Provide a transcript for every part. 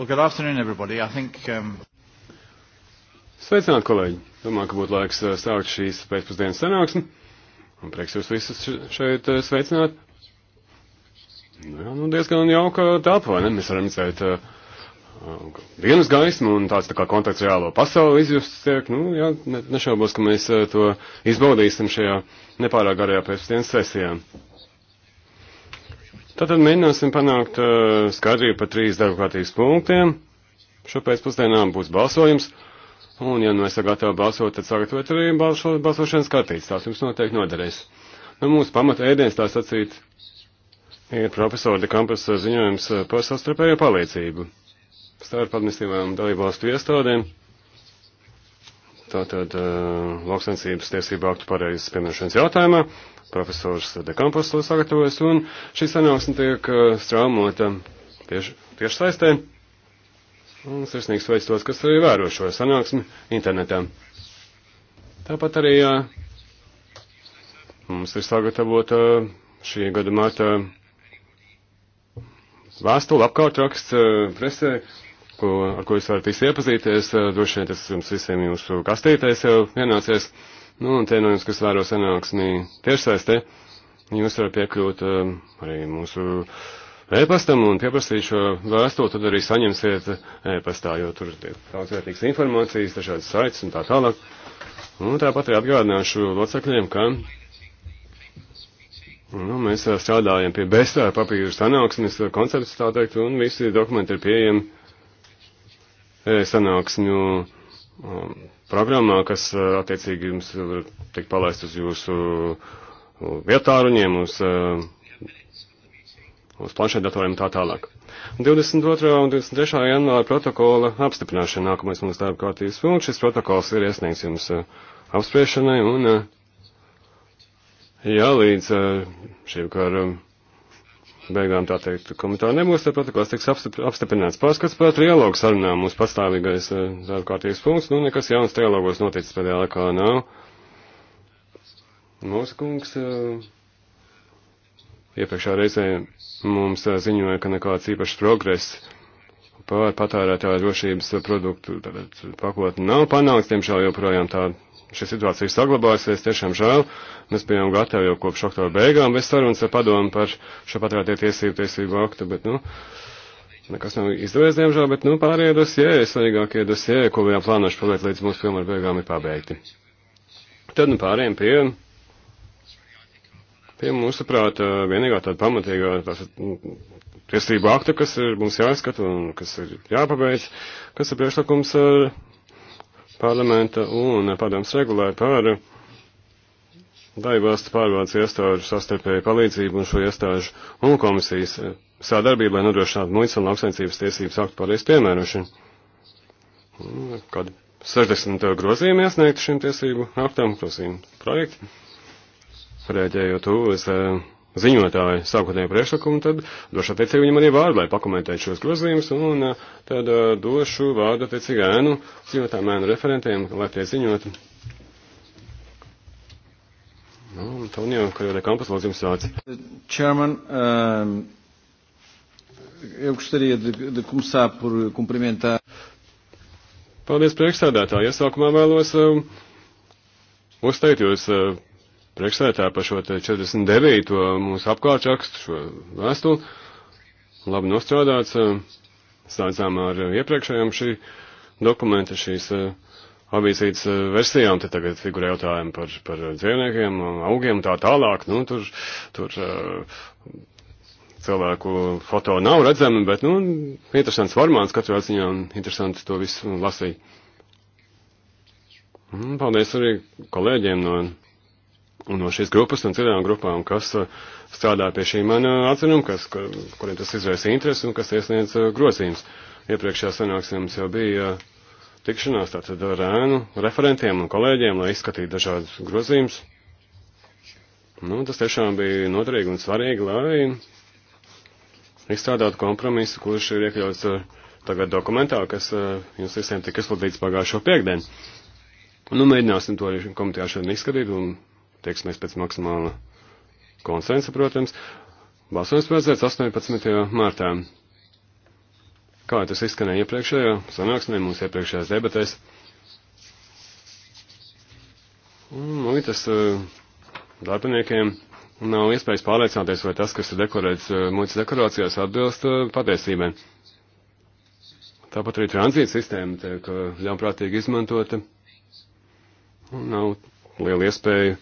Well, good afternoon, everybody. I think, um... Sveicināt, kolēģi! Domāju, ka būtu laiks uh, sākt šīs pēcpusdienas sanāksmi. Un prieks jūs visus šeit uh, sveicināt. Nu, jā, nu diezgan jauka telpa, vai ne? Mēs varam redzēt uh, uh dienas gaismu un tāds tā kā kontakts reālo pasauli izjusts tiek. Nu, jā, ne, nešaubos, ka mēs uh, to izbaudīsim šajā nepārāk garajā pēcpusdienas sesijā. Tātad mēģināsim panākt uh, skaidrību par trīs darba kārtības punktiem. Šopēc pusdienā būs balsojums. Un, ja nu esat gatavi balsot, tad sagatavot arī balso, balsošanas kartītes. Tās jums noteikti noderēs. Nu, mūsu pamata ēdienas tā sacīt ir profesora Dekampas ziņojums par sastarpējo palīdzību starp administratīvām dalībvalstu iestādēm. Tātad uh, lauksensības tiesību aktu pareizes piemēršanas jautājumā profesors Dekampus to sagatavojas, un šī sanāksme tiek uh, straumota tieši, tieši saistē. Un sirsnīgs veids tos, kas arī vēro šo sanāksmi internetā. Tāpat arī jā, uh, mums ir sagatavota šī gada marta vēstule apkārtraksts uh, presē, ko, ar ko jūs varat visi iepazīties. Droši vien tas jums visiem jūsu kastītēs jau ienācies. Ja Nu, un tie no jums, kas vēro sanāksmī tiešsaistē, jūs varat piekļūt um, arī mūsu e-pastam un pieprasīt šo vēstuli, tad arī saņemsiet e-pastā, jo tur ir daudz vērtīgas informācijas, dažādas saites un tā tālāk. Un tāpat arī atgādināšu locekļiem, ka nu, mēs strādājam pie bestāra papīru sanāksmes koncepts, tā teikt, un visi dokumenti ir pieejami e sanāksmju. Nu, Um, programmā, kas uh, attiecīgi jums tiek palaist uz jūsu vietāruņiem, uz, uh, uz planšetdatoriem tā tālāk. 22. un 23. janvāra protokola apstiprināšana nākamais mums darba kārtības punkts. Šis protokols ir iesniegts jums uh, apspriešanai un, ja līdz šī vakara beigām tā teikt komentāru nebūs, tad protokols tiks apstiprināts. Pārskats par trialogu sarunām mūsu pastāvīgais eh, darba kārtības punkts, nu nekas jauns trialogos noticis pēdējā laikā nav. Mūsu kungs eh, iepriekšā reizē mums eh, ziņoja, ka nekāds īpašs progress pār patērētāju drošības produktu pakotni nav panākts, tiemžēl joprojām tāda šī situācija saglabājusies, tiešām žēl. Mēs bijām gatavi jau kopš oktobra beigām bez sarunas ar padomu par šo patvērtie tiesību tiesību aktu, bet, nu, nekas nav izdevies, diemžēl, bet, nu, pārējie dosie, svarīgākie dosie, ko bijām plānojuši palikt līdz mūsu filmu ar beigām ir pabeigti. Tad, nu, pārējiem pie, pie mūsuprāt, vienīgā tāda pamatīgā tās, nu, tiesību akta, kas ir mums jāizskata un kas ir jāpabeidz, kas ir priekšlikums ar parlamenta un padoms regulē par daļvalstu pārvaldes iestāžu sastarpēju palīdzību un šo iestāžu un komisijas sadarbību, lai nodrošinātu muitas un lauksaimniecības tiesības aktu pareizi piemērošanu. Kad 60. grozījumi iesniegti šim tiesību aktam, grozījumi projekti, rēģējot uz uh, ziņotāja sākotnējo priekšlikumu, tad došu attiecīgi viņam arī vārdu, lai pakomentētu šos grozījumus, un eh, tad eh, došu vārdu attiecīgi ēnu ziņotājiem, ēnu referentiem, lai tie ziņotu. Nu, Tonija, kā jau dekampas, lūdzu jums vārds. Chairman, um, eu gostaria de, de começar por cumprimentar. Paldies priekšsēdētāji. Iesākumā vēlos um, uzteikt jūs uh, priekšsētā par šo 49. mūsu apkārtrakstu, šo vēstuli. Labi nostrādāts, eh, sācām ar iepriekšējām šī dokumenta, šīs eh, avīzītes eh, versijām, te tagad figurē jautājumi par, par dzīvniekiem, augiem un tā tālāk. Nu, tur, tur cilvēku foto nav redzami, bet, nu, interesants formāts katrā ziņā un interesanti to visu lasīt. Mm, paldies arī kolēģiem no no šīs grupas un citām grupām, kas uh, strādā pie šī mana atzinuma, kas, kuriem tas izraisa interesi un kas iesniedz uh, grozījums. Iepriekšējā sanāksmē mums jau bija uh, tikšanās tātad ar ēnu referentiem un kolēģiem, lai izskatītu dažādus grozījumus. Nu, tas tiešām bija noderīgi un svarīgi, lai izstrādātu kompromisu, kurš ir iekļauts tagad dokumentā, kas jums visiem tika izplatīts pagājušo piekdienu. Nu, mēģināsim to arī komitejā šodien izskatīt un tieksimies pēc maksimāla konsensa, protams. Balsojums paredzēts 18. martā. Kā tas izskanēja iepriekšējā sanāksmē, mūsu iepriekšējās debatēs. Muitas nu, eh, darbiniekiem nav iespējas pārliecināties, vai tas, kas ir dekorēts eh, muitas dekorācijās, atbilst eh, patiesībai. Tāpat arī tranzīta sistēma tiek ļaunprātīgi izmantota. Nav liela iespēja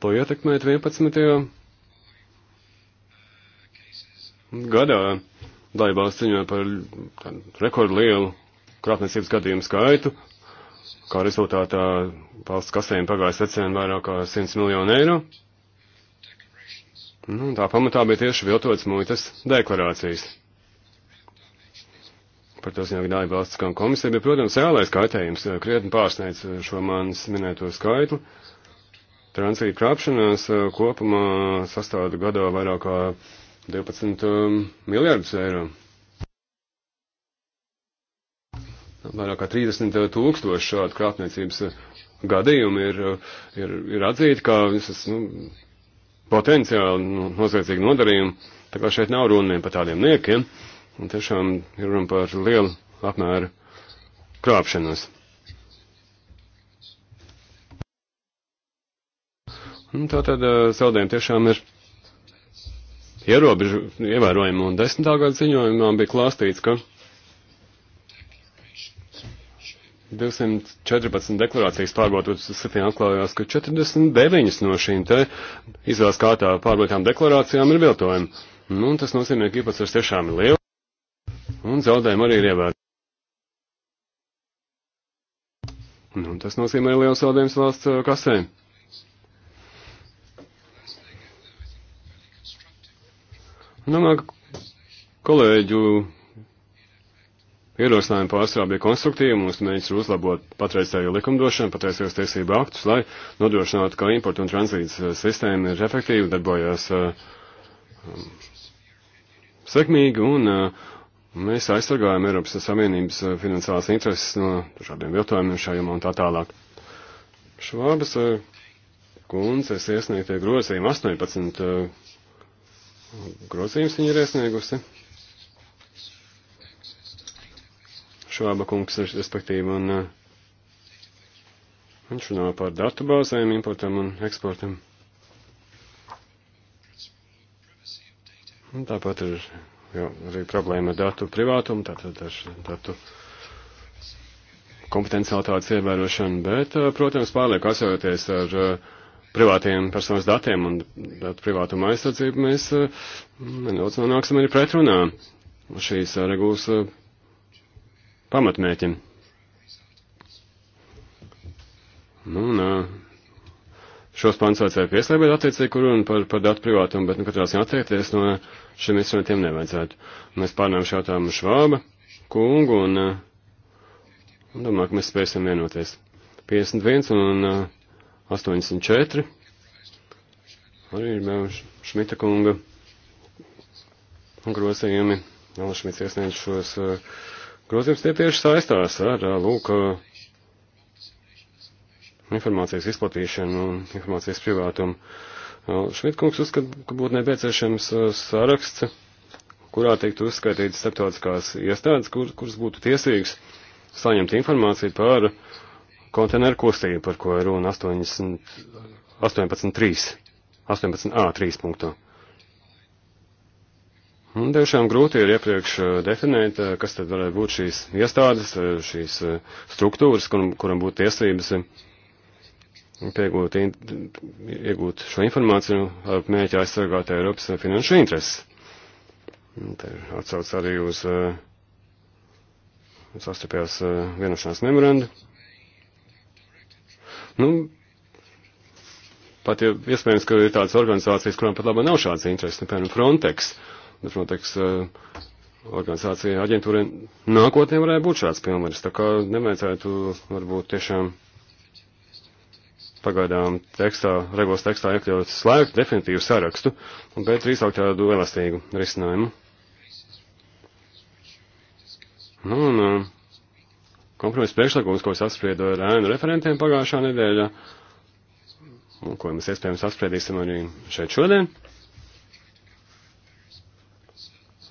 to ietekmēt 11. gadā. Daļbās ciņā par rekordlielu krāpniecības gadījumu skaitu, kā rezultātā valsts kasēm pagāja secēm vairāk kā 100 miljonu eiro. Nu, tā pamatā bija tieši viltotas muitas deklarācijas. Par to ziņā gādāja valsts komisija, bet, protams, reālais kaitējums krietni pārsniedz šo manis minēto skaitli. Uh, Transrīta krāpšanās eh, kopumā sastāda gadā vairāk kā 12 um, miljārdus eiro. Vairāk kā 30 eh, tūkstoši šādu krāpniecības eh, gadījumu ir, ir, ir atzīti, kā visas, nu, potenciāli nu, noziedzīgi nodarījumi. Tā kā šeit nav runa par tādiem niekiem, un tiešām ir runa par lielu apmēru krāpšanos. Nu, tā tad zaudējumi tiešām ir ierobežu, ievērojami, un desmitā gada ziņojumā bija klāstīts, ka 214 deklarācijas pārbaudot, septiņi atklājās, ka 49 no šīm te izvēles kārtā pārbaudītām deklarācijām ir viltojumi. Nu, tas nozīmē, ka īpatsvars tiešām ir liels, un zaudējumi arī ir ievērojami. Nu, tas nozīmē liels zaudējums valsts kasēm. Domāju, nu, kolēģu ierosinājumi pārsvarā bija konstruktīvi, mums mēģis ir uzlabot patreizējo likumdošanu, patreizējos tiesību aktus, lai nodrošinātu, ka importu un tranzītas eh, sistēma ir efektīva, darbojas eh, um, sekmīgi un uh, mēs aizsargājam Eiropas Savienības finansiālās intereses no šādiem jautājumiem šajumā un tā tālāk. Švābas uh, kundzes iesniegtie grozījumi 18. Uh, grozījums viņa ir iesniegusi. Šāba kungs, respektīvi, un uh, viņš runā par datu bāzēm, importam un eksportam. Un tāpat ir jau arī problēma ar datu privātumu, tātad ar datu kompetenciālitātes ievērošanu, bet, uh, protams, pārliek asociēties ar uh, privātiem personas datiem un datu privātuma aizsardzību, mēs eh, nedaudz nonāksim arī pretrunā šīs eh, regulas eh, pamatmēķim. Nu, un, šos pants vajadzēja pieslēgt attiecīgi, kur un par, par datu privātumu, bet, nu, katrā ziņā atteikties no šiem instrumentiem nevajadzētu. Mēs pārnām šo jautājumu Švāba kungu un, un domāju, ka mēs spēsim vienoties. 51 un 84. Arī ir vēl Šmita kunga grozījumi. Vēl Šmits iesniedz šos uh, grozījumus. Tie tieši saistās ar, uh, lūk, uh, informācijas izplatīšanu un informācijas privātumu. Šmita kungs uzskata, ka būtu nepieciešams saraksts, kurā tiktu uzskaitītas starptautiskās iestādes, kur, kuras būtu tiesīgas saņemt informāciju par uh, konteineru kustību, par ko ir runa 18.3. 18a3 punktā. Un tiešām grūti ir iepriekš eh, definēt, eh, kas tad varētu būt šīs iestādes, eh, šīs struktūras, kuram, kuram būtu tiesības piegūt, iegūt šo informāciju ar mēķi aizsargāt Eiropas finanšu intereses. Te atsauc arī uz sastapjās vienošanās memorandu. Nu, pat ja iespējams, ka ir tādas organizācijas, kurām pat labā nav šāds interesi, nu, piemēram, Frontex. Frontex uh, organizācija aģentūrai nākotnē varētu būt šāds pilnvaras, tā kā nevajadzētu varbūt tiešām pagaidām tekstā, regulas tekstā iekļaut slēgt definitīvu sarakstu, un pēc drīzāk tādu elastīgu risinājumu. Nu, un, eh, kompromisa priekšlikums, ko es apspriedu ar ēnu referentiem pagājušā nedēļa, un ko mēs iespējams apspriedīsim arī šeit šodien.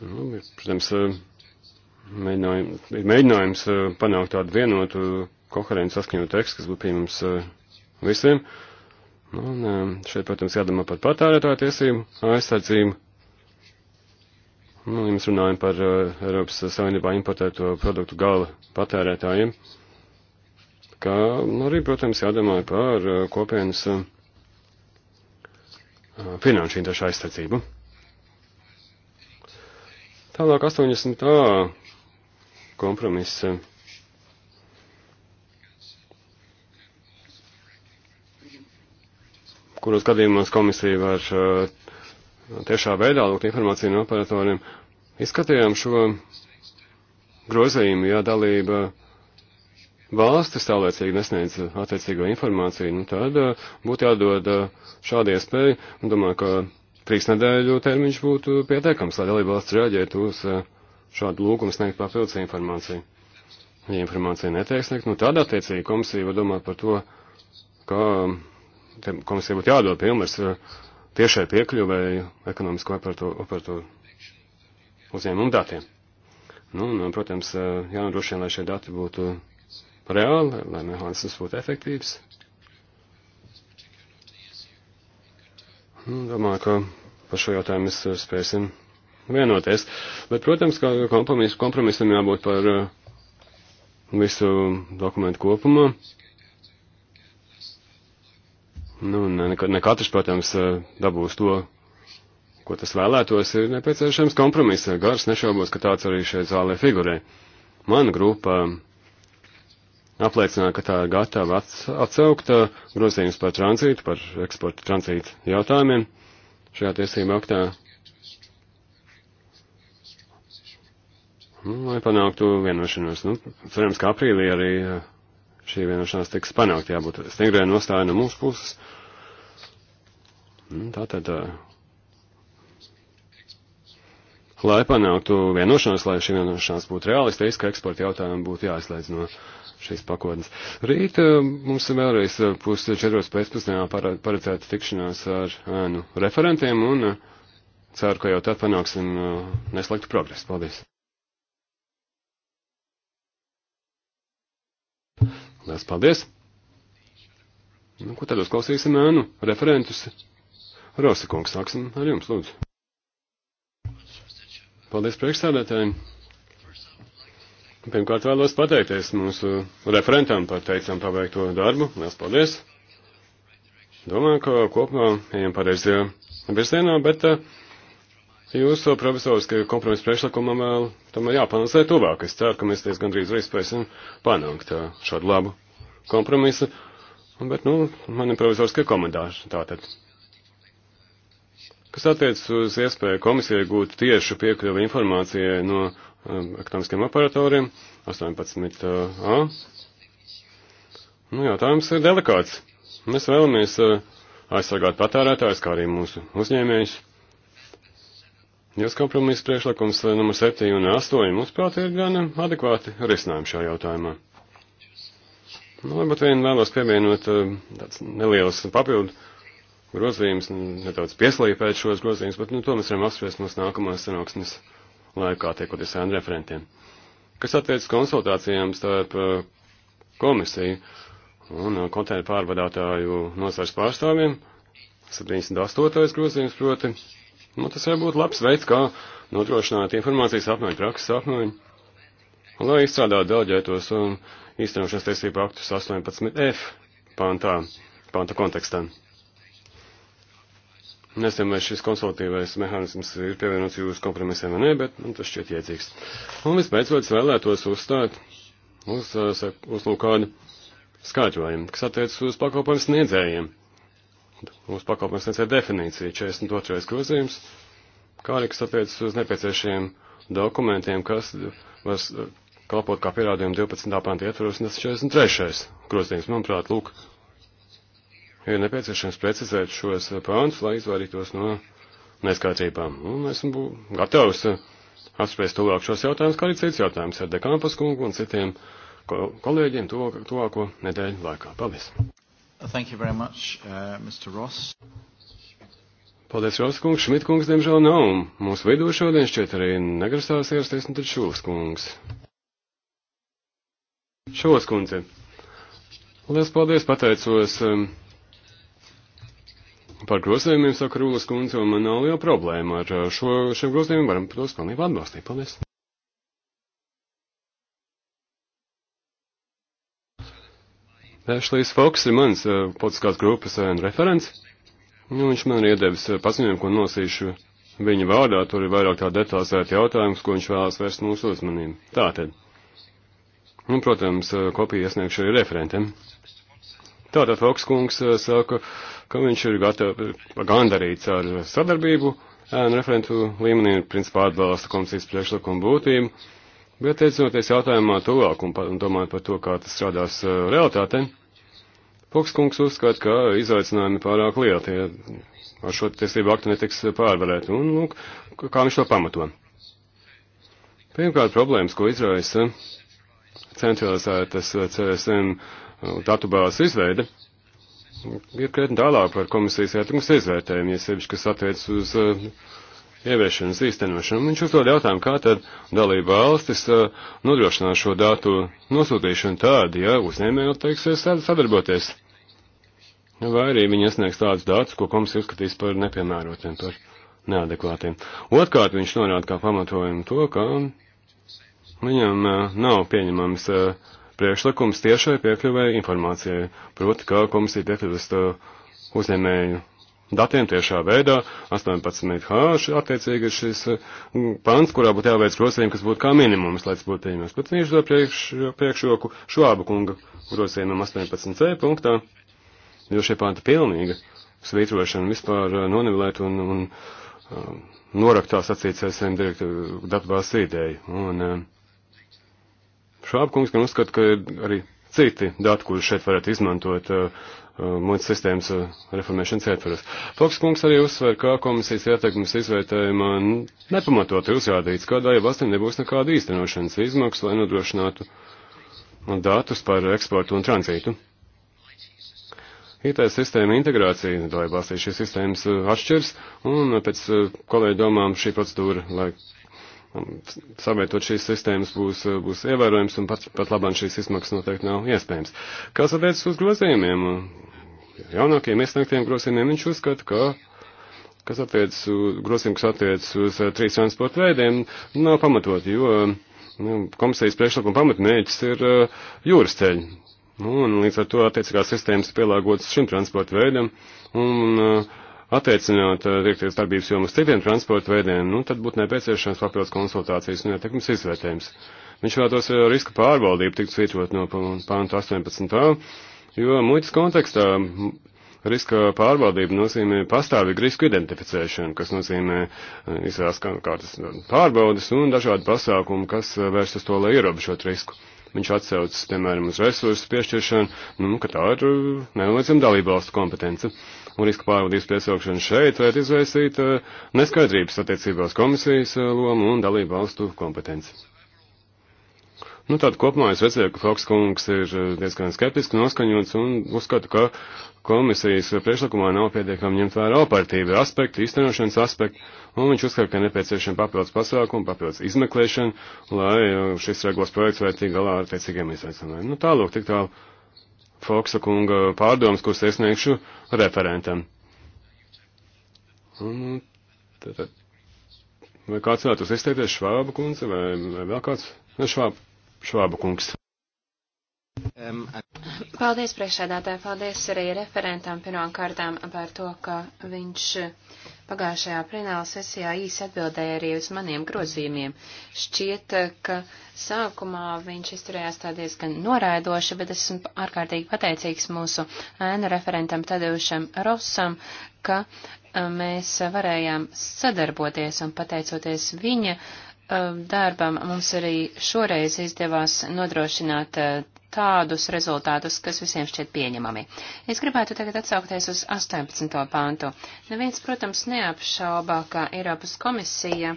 Nu, ir, protams, eh, mēģinājums, ir mēģinājums eh, panākt tādu vienotu, koherentu saskaņotu tekstu, kas būtu pieņemams eh, visiem. Nu, un šeit, protams, jādomā par patērētāju tiesību, aizsardzību, Nu, ja mēs runājam par uh, Eiropas Savienībā importēto produktu gala patērētājiem, ka nu, arī, protams, jādomā par uh, kopienas uh, finanšu interešu aizsardzību. Tālāk 80. kompromiss. Uh, kuros gadījumos komisija var uh, tiešā veidā lūgt informāciju no operatoriem. Izskatījām šo grozījumu, ja dalība valstis tālēcīgi nesniedz attiecīgo informāciju, nu tad eh, būtu jādod eh, šādi iespēja, un domāju, ka trīs nedēļu termiņš būtu pietiekams, lai dalība valsts reaģētu uz eh, šādu lūgumu sniegt papildus informāciju. Ja informācija netiek sniegt, nu tad attiecīgi komisija var domāt par to, ka komisija būtu jādod pilnvars tiešai piekļuvēju ekonomisko operatoru uzņēmumu datiem. Nu, un, protams, jānodrošina, lai šie dati būtu reāli, lai mehānisms būtu efektīvs. Nu, domāju, ka par šo jautājumu mēs spēsim vienoties. Bet, protams, ka kompromis, kompromisam jābūt par visu dokumentu kopumā. Nu, ne, ne katrs, protams, eh, dabūs to, ko tas vēlētos, ir nepieciešams kompromiss. Gars nešaubos, ka tāds arī šeit zālē figurē. Mana grupa apliecināja, ka tā ir gatava atsaukt eh, grozījums par tranzītu, par eksporta tranzītu jautājumiem šajā tiesība aktā. Nu, lai panāktu vienošanos. Nu, cerams, ka aprīlī arī eh, šī vienošanās tiks panākt, jābūt stingrai nostāja no mūsu puses. Uh, Nu, Tātad, lai panāktu vienošanos, lai šī vienošanās būtu realistiska, eksporta jautājumi būtu jāizslēdz no šīs pakotnes. Rīt mums vēlreiz pus četros pēcpusdienā paredzēta tikšanās ar nu, referentiem un ceru, ka jau tad panāksim neslēgtu progresu. Paldies! Lielas paldies! Nu, ko tad uzklausīsim ēnu referentus? Rosa kungs, sāksim ar jums, lūdzu. Paldies priekšsēdētājiem. Pirmkārt vēlos pateikties mūsu referentam par teicām paveikto darbu. Mēs paldies. Domāju, ka kopumā ejam pareizajā virzienā, bet eh, jūsu profesoriskajā kompromisa priekšlikumam vēl eh, tam jāpanasē tuvāk. Es ceru, ka mēs diezgan drīz arī spēsim panākt eh, šādu labu kompromisu. Bet, nu, man ir provizoriskie komentāri tātad. Kas attiecas uz iespēju komisijai gūt tiešu piekļuvi informācijai no um, ekonomiskiem operatoriem, 18a. Uh, nu, jautājums ir delikāts. Mēs vēlamies uh, aizsargāt patērētājus, kā arī mūsu uzņēmējus. Jūs kompromisa priekšlikums uh, numur 7 un 8, mūsuprāt, ir gan uh, adekvāti risinājumi šajā jautājumā. Nu, varbūt vien vēlos pievienot uh, tāds neliels papildu grozījumus, nedaudz pieslīpēt šos grozījumus, bet nu, to mēs varam apspriest mūsu nākamās sanāksmes laikā, tiekoties ar referentiem. Kas attiecas konsultācijām starp eh, komisiju un eh, kontēnu pārvadātāju nozars pārstāvjiem, 78. grozījums proti, nu, tas var būt labs veids, kā nodrošināt informācijas apmaiņu, prakses apmaiņu, lai izstrādātu delģētos un īstenošanas tiesību aktus 18F pantā, panta kontekstā. Nezinu, vai šis konsultatīvais mehānisms ir pievienots jūsu kompromisiem vai nē, bet man nu, tas šķiet iedzīgs. Un vispēcot, es vēlētos uzstāt uz, eh, uz lūk kādu skaidrojumu, kas attiecas uz pakalpojumu sniedzējiem. Uz pakalpojumu sniedzēja definīcija 42. grozījums, kā arī kas attiecas uz nepieciešiem dokumentiem, kas var eh, kalpot kā pierādījumu 12. pānta ietvaros, un tas 43. grozījums, manuprāt, lūk, ir nepieciešams precizēt šos pāns, lai izvairītos no neskaitībām. Un esmu gatavs apspriest tuvāk šos jautājumus, kā arī cits jautājums ar dekāmpas kungu un citiem kolēģiem tuvāko, tuvāko nedēļu laikā. Paldies! Thank you very much, uh, Mr. Ross. Paldies, Ross kungs. Šmit kungs, diemžēl, nav. Mūsu vidū šodien šķiet arī negrasās ierasties, un nu tad Šūs kungs. Šūs kundze. Lielas paldies, pateicos. Um, Par grozījumiem saka Rūlas kundze, un man nav liela problēma ar uh, šo, šiem grozījumiem, varam tos pilnībā atbalstīt. Paldies! Ešlijs Foks ir mans uh, politiskās grupas uh, referents. Nu, viņš man ir iedevis paziņojumu, ko nosīšu viņa vārdā. Tur ir vairāk tā detalizēti jautājums, ko viņš vēlas vērst mūsu uzmanību. Tātad. Un, nu, protams, kopiju iesniegšu arī referentiem. Tātad Foks kungs eh, saka, ka viņš ir gatavs gandarīts ar sadarbību, un eh, referentu līmenī principā atbalsta komisijas priekšlikumu būtību, bet teicoties jautājumā tuvāk un, un domājot par to, kā tas strādās eh, realitātei. Fokskungs uzskata, ka izaicinājumi pārāk lieli, tie ar šo tiesību aktu netiks pārvarēti, un, lūk, nu, kā viņš to pamato. Pirmkārt, problēmas, ko izraisa centralizētas CSM datubāzes izveide ir krietni tālāk par komisijas ietekmes izvērtējumu, ja sevišķi, kas attiec uz uh, ieviešanas īstenošanu. Viņš uzdod jautājumu, kā tad dalība valstis uh, nodrošinās šo datu nosūtīšanu tādu, ja uzņēmēji atteiksies sadarboties. Vai arī viņi iesniegs tādus datus, ko komisija uzskatīs par nepiemērotiem, par neadekvātiem. Otkārt viņš norāda kā pamatojumu to, ka viņam uh, nav pieņemams uh, priekšlikums tiešai piekļuvēja informācijai, proti, ka komisija piekļuvest uh, uzņēmēju datiem tiešā veidā, 18H attiecīgi ir šis uh, pants, kurā būtu jāveic grozījumi, kas būtu kā minimums, lai tas būtu pieņemams. Pēc viņš to priekš, priekšroku švābu kunga grozījumam 18C punktā, jo šie panti pilnīga svītrošana vispār uh, nonivelēt un, un noraktā sacīt CSM direktu datubāzes ideju. Un, Šāpkungs gan uzskata, ka ir arī citi dati, kurus šeit varētu izmantot uh, muitas sistēmas uh, reformēšanas ietvaros. Foks kungs arī uzsver, ka komisijas ieteikums izvērtējumā nepamatot ir uzrādīts, ka daļa valstīm nebūs nekāda īstenošanas izmaksa, lai nodrošinātu datus par eksportu un tranzītu. IT sistēma integrācija, dalībvalstī šīs sistēmas atšķirs, un pēc kolēģi domām šī procedūra, lai savietot šīs sistēmas būs, būs ievērojams un pat, pat labāk šīs izmaksas noteikti nav iespējams. Kas attiec uz grozījumiem? Jaunākajiem iesniegtiem grozījumiem viņš uzskata, ka kas attiec uz grozījumu, kas attiec uz eh, trīs transporta veidiem, nav pamatot, jo nu, komisijas priekšlikuma pamatmēķis ir eh, jūras ceļi. Nu, un līdz ar to attiecīgās sistēmas pielāgotas šim transporta veidam. Un, uh, attiecināt direktīvas eh, darbības jomu uz citiem transporta veidiem, nu, tad būtu nepieciešams papildus konsultācijas un ietekmes izvērtējums. Viņš vēlētos eh, riska pārvaldību tikt svītrot no pānta 18. jo muitas kontekstā riska pārvaldība nozīmē pastāvīgu risku identificēšanu, kas nozīmē eh, izvēlas kārtas pārbaudas un dažādi pasākumi, kas vērst uz to, lai ierobežot risku. Viņš atsaucas, piemēram, uz resursu piešķiršanu, nu, ka tā ir nenoliedzama dalībvalstu kompetence. Uh, un riska pārvadības piesaukšanu šeit varētu izraisīt eh, neskaidrības attiecībā uz komisijas eh, lomu un dalību valstu kompetenci. Nu, tātad kopumā es redzēju, ka Foks kungs ir eh, diezgan skeptiski noskaņots un uzskatu, ka komisijas priekšlikumā nav pietiekami ņemt vērā operatīvi aspekti, īstenošanas aspekti, un viņš uzskata, ka nepieciešama papildus pasākuma, papildus izmeklēšana, lai šis regulas projekts varētu tikt galā ar tiecīgiem izaicinājumiem. Nu, tālūk, tik tālu Foksa kunga pārdomas, kuras iesniegšu referentam. Un, tad, nu, tad, vai kāds vēlētos izteikties švāba kundze vai, vai vēl kāds? Ne, švāba, švāba kungs. Paldies priekšēdātāji, paldies arī referentam pirmām kārtām par to, ka viņš pagājušajā plenāla sesijā īsi atbildēja arī uz maniem grozījumiem. Šķiet, ka sākumā viņš izturējās tā diezgan noraidoši, bet esmu ārkārtīgi pateicīgs mūsu ēnu referentam Tadeušam Rosam, ka e, mēs varējām sadarboties un pateicoties viņa e, darbam mums arī šoreiz izdevās nodrošināt e, tādus rezultātus, kas visiem šķiet pieņemami. Es gribētu tagad atsaukties uz 18. pāntu. Neviens, protams, neapšaubā, ka Eiropas komisija,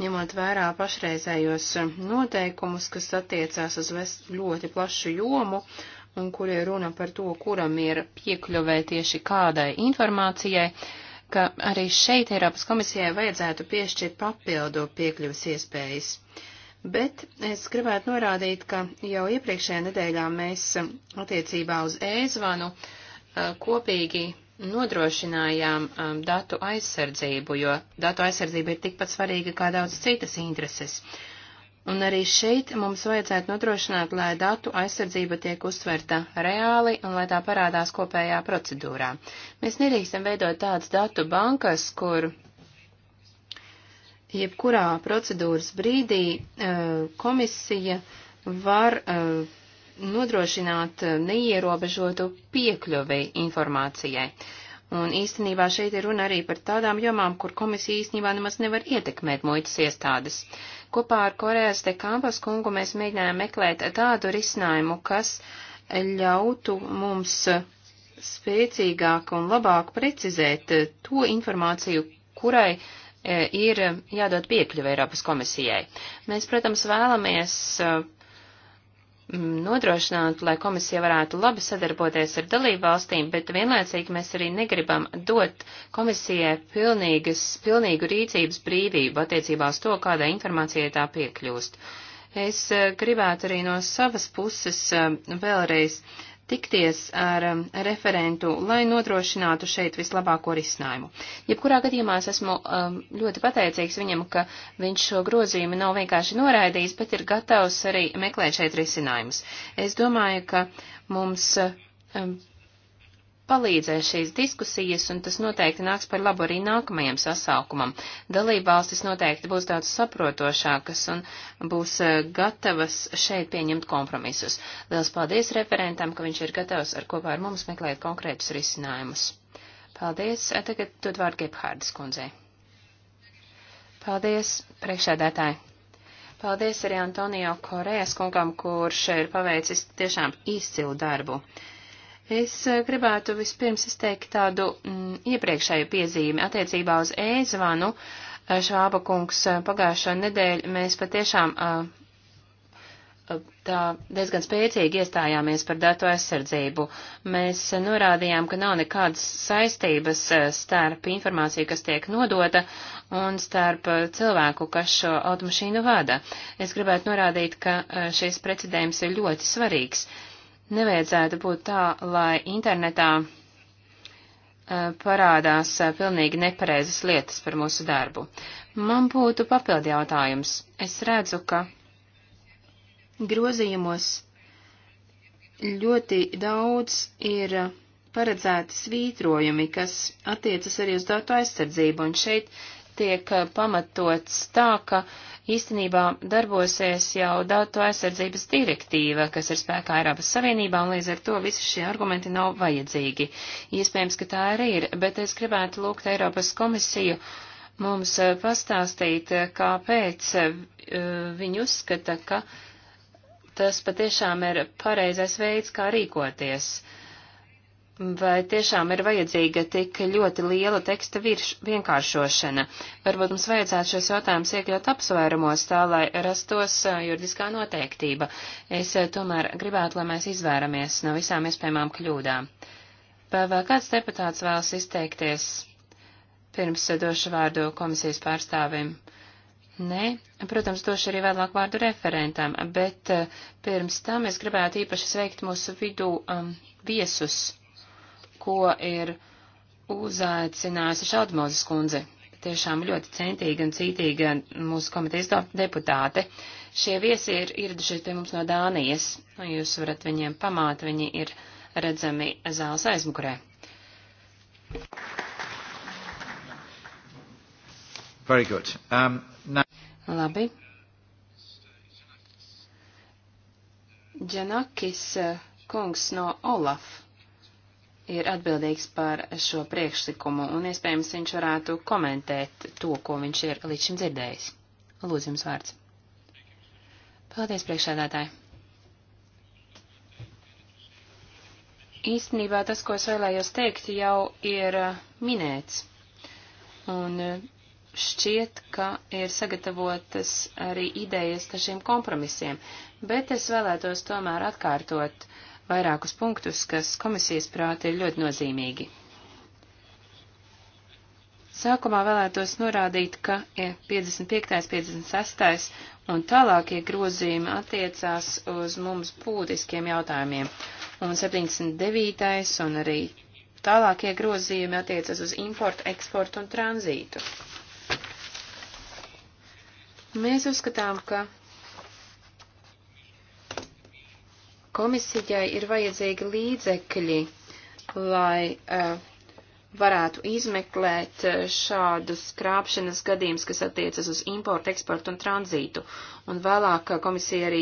ņemot vērā pašreizējos noteikumus, kas attiecās uz ļoti plašu jomu, un kur ir runa par to, kuram ir piekļuvē tieši kādai informācijai, ka arī šeit Eiropas komisijai vajadzētu piešķirt papildu piekļuvas iespējas. Uh, Bet es gribētu norādīt, ka jau iepriekšējā nedēļā mēs um, attiecībā uz e-zvanu uh, kopīgi nodrošinājām um, datu aizsardzību, jo datu aizsardzība ir tikpat svarīga kā daudz citas intereses. Un arī šeit mums vajadzētu nodrošināt, lai datu aizsardzība tiek uztverta reāli un lai tā parādās kopējā procedūrā. Mēs nedrīkstam veidot tādas datu bankas, kur jebkurā procedūras brīdī eh, komisija var eh, nodrošināt eh, neierobežotu piekļuvi informācijai. Un īstenībā šeit ir runa arī par tādām jomām, kur komisija īstenībā nemaz nevar ietekmēt muitas iestādes. Kopā ar Korejas de Kampas kungu mēs mēģinājām meklēt tādu risinājumu, kas ļautu mums spēcīgāk un labāk precizēt to informāciju, kurai uh, E, ir jādod piekļuvi Eiropas komisijai. Mēs, protams, vēlamies e, nodrošināt, lai komisija varētu labi sadarboties ar dalību valstīm, bet vienlaicīgi mēs arī negribam dot komisijai pilnīgas, pilnīgu rīcības brīvību attiecībā uz to, kādai informācijai tā piekļūst. Es e, gribētu arī no savas puses vēlreiz uh, tikties um, ar referentu, lai nodrošinātu šeit vislabāko risinājumu. Jebkurā gadījumā es esmu um, ļoti pateicīgs viņam, ka viņš šo grozījumu nav vienkārši noraidījis, bet ir gatavs arī meklēt šeit risinājumus. Es domāju, ka mums um, palīdzēs šīs diskusijas, un tas noteikti nāks par labu arī nākamajam sasaukumam. Dalībvalstis noteikti būs daudz saprotošākas un būs eh, gatavas šeit pieņemt kompromisus. Liels paldies referentam, ka viņš ir gatavs ar kopā ar mums meklēt konkrētus risinājumus. Paldies, tagad dod vārdu Gebhārdas kundzei. Paldies, priekšādētāji. Paldies arī Antonio Korējas kungam, kurš ir paveicis tiešām izcilu darbu. Es eh, gribētu vispirms izteikt tādu m, mm, iepriekšēju piezīmi attiecībā uz ēzvanu. Eh, Šāba kungs eh, pagājušo nedēļu mēs patiešām tā diezgan spēcīgi iestājāmies par datu aizsardzību. Mēs norādījām, ka nav nekādas saistības starp informāciju, kas tiek nodota, un starp cilvēku, kas šo automašīnu vada. Es gribētu norādīt, ka šis precedējums ir ļoti svarīgs nevajadzētu būt tā, lai internetā eh, parādās eh, pilnīgi nepareizas lietas par mūsu darbu. Man būtu papildi jautājums. Es redzu, ka grozījumos ļoti daudz ir paredzēti svītrojumi, kas attiecas arī uz datu aizsardzību, un šeit tiek eh, pamatots tā, ka īstenībā darbosies jau datu aizsardzības direktīva, kas ir spēkā Eiropas Savienībā, un līdz ar to visi šie argumenti nav vajadzīgi. Iespējams, ka tā arī ir, bet es gribētu lūgt Eiropas komisiju mums eh, pastāstīt, eh, kāpēc eh, viņi uzskata, ka tas patiešām ir pareizais veids, kā rīkoties. Uh, Vai tiešām ir vajadzīga tik ļoti liela teksta virš, vienkāršošana? Varbūt mums vajadzētu šos jautājumus iekļaut apsvērumos tā, lai rastos juridiskā noteiktība. Es tomēr gribētu, lai mēs izvēramies no visām iespējamām kļūdām. Vai vēl kāds deputāts vēlas izteikties? Pirms došu vārdu komisijas pārstāvim. Nē, protams, došu arī vēlāk vārdu referentam, bet pirms tam es gribētu īpaši sveikt mūsu vidū um, viesus ko ir uzaicinājusi Šaldmozes kundze. Tiešām ļoti centīga un cītīga mūsu komitejas deputāte. Šie viesi ir ieradušies pie mums no Dānijas, un nu, jūs varat viņiem pamāt, viņi ir redzami zāles aizmugurē. Very good. Um, now... Labi. Džanakis eh, kungs no Olaf ir atbildīgs par šo priekšlikumu, un iespējams viņš varētu komentēt to, ko viņš ir līdz šim dzirdējis. Lūdzu, jums vārds. Paldies, priekšsēdētāji. Īstenībā tas, ko es vēlējos teikt, jau ir uh, minēts, un uh, šķiet, ka ir sagatavotas arī idejas dažiem kompromisiem, bet es vēlētos tomēr atkārtot uh, vairākus punktus, kas komisijas prāti ir ļoti nozīmīgi. Sākumā vēlētos norādīt, ka 55., 56. un tālākie grozījumi attiecās uz mums būtiskiem jautājumiem, un 79. un arī tālākie grozījumi attiecas uz importu, eksportu un tranzītu. Mēs uzskatām, ka Komisijai ir vajadzīgi līdzekļi, lai uh, varētu izmeklēt eh, šādus krāpšanas gadījumus, kas attiecas uz importu, eksportu un tranzītu. Un vēlāk eh, komisija arī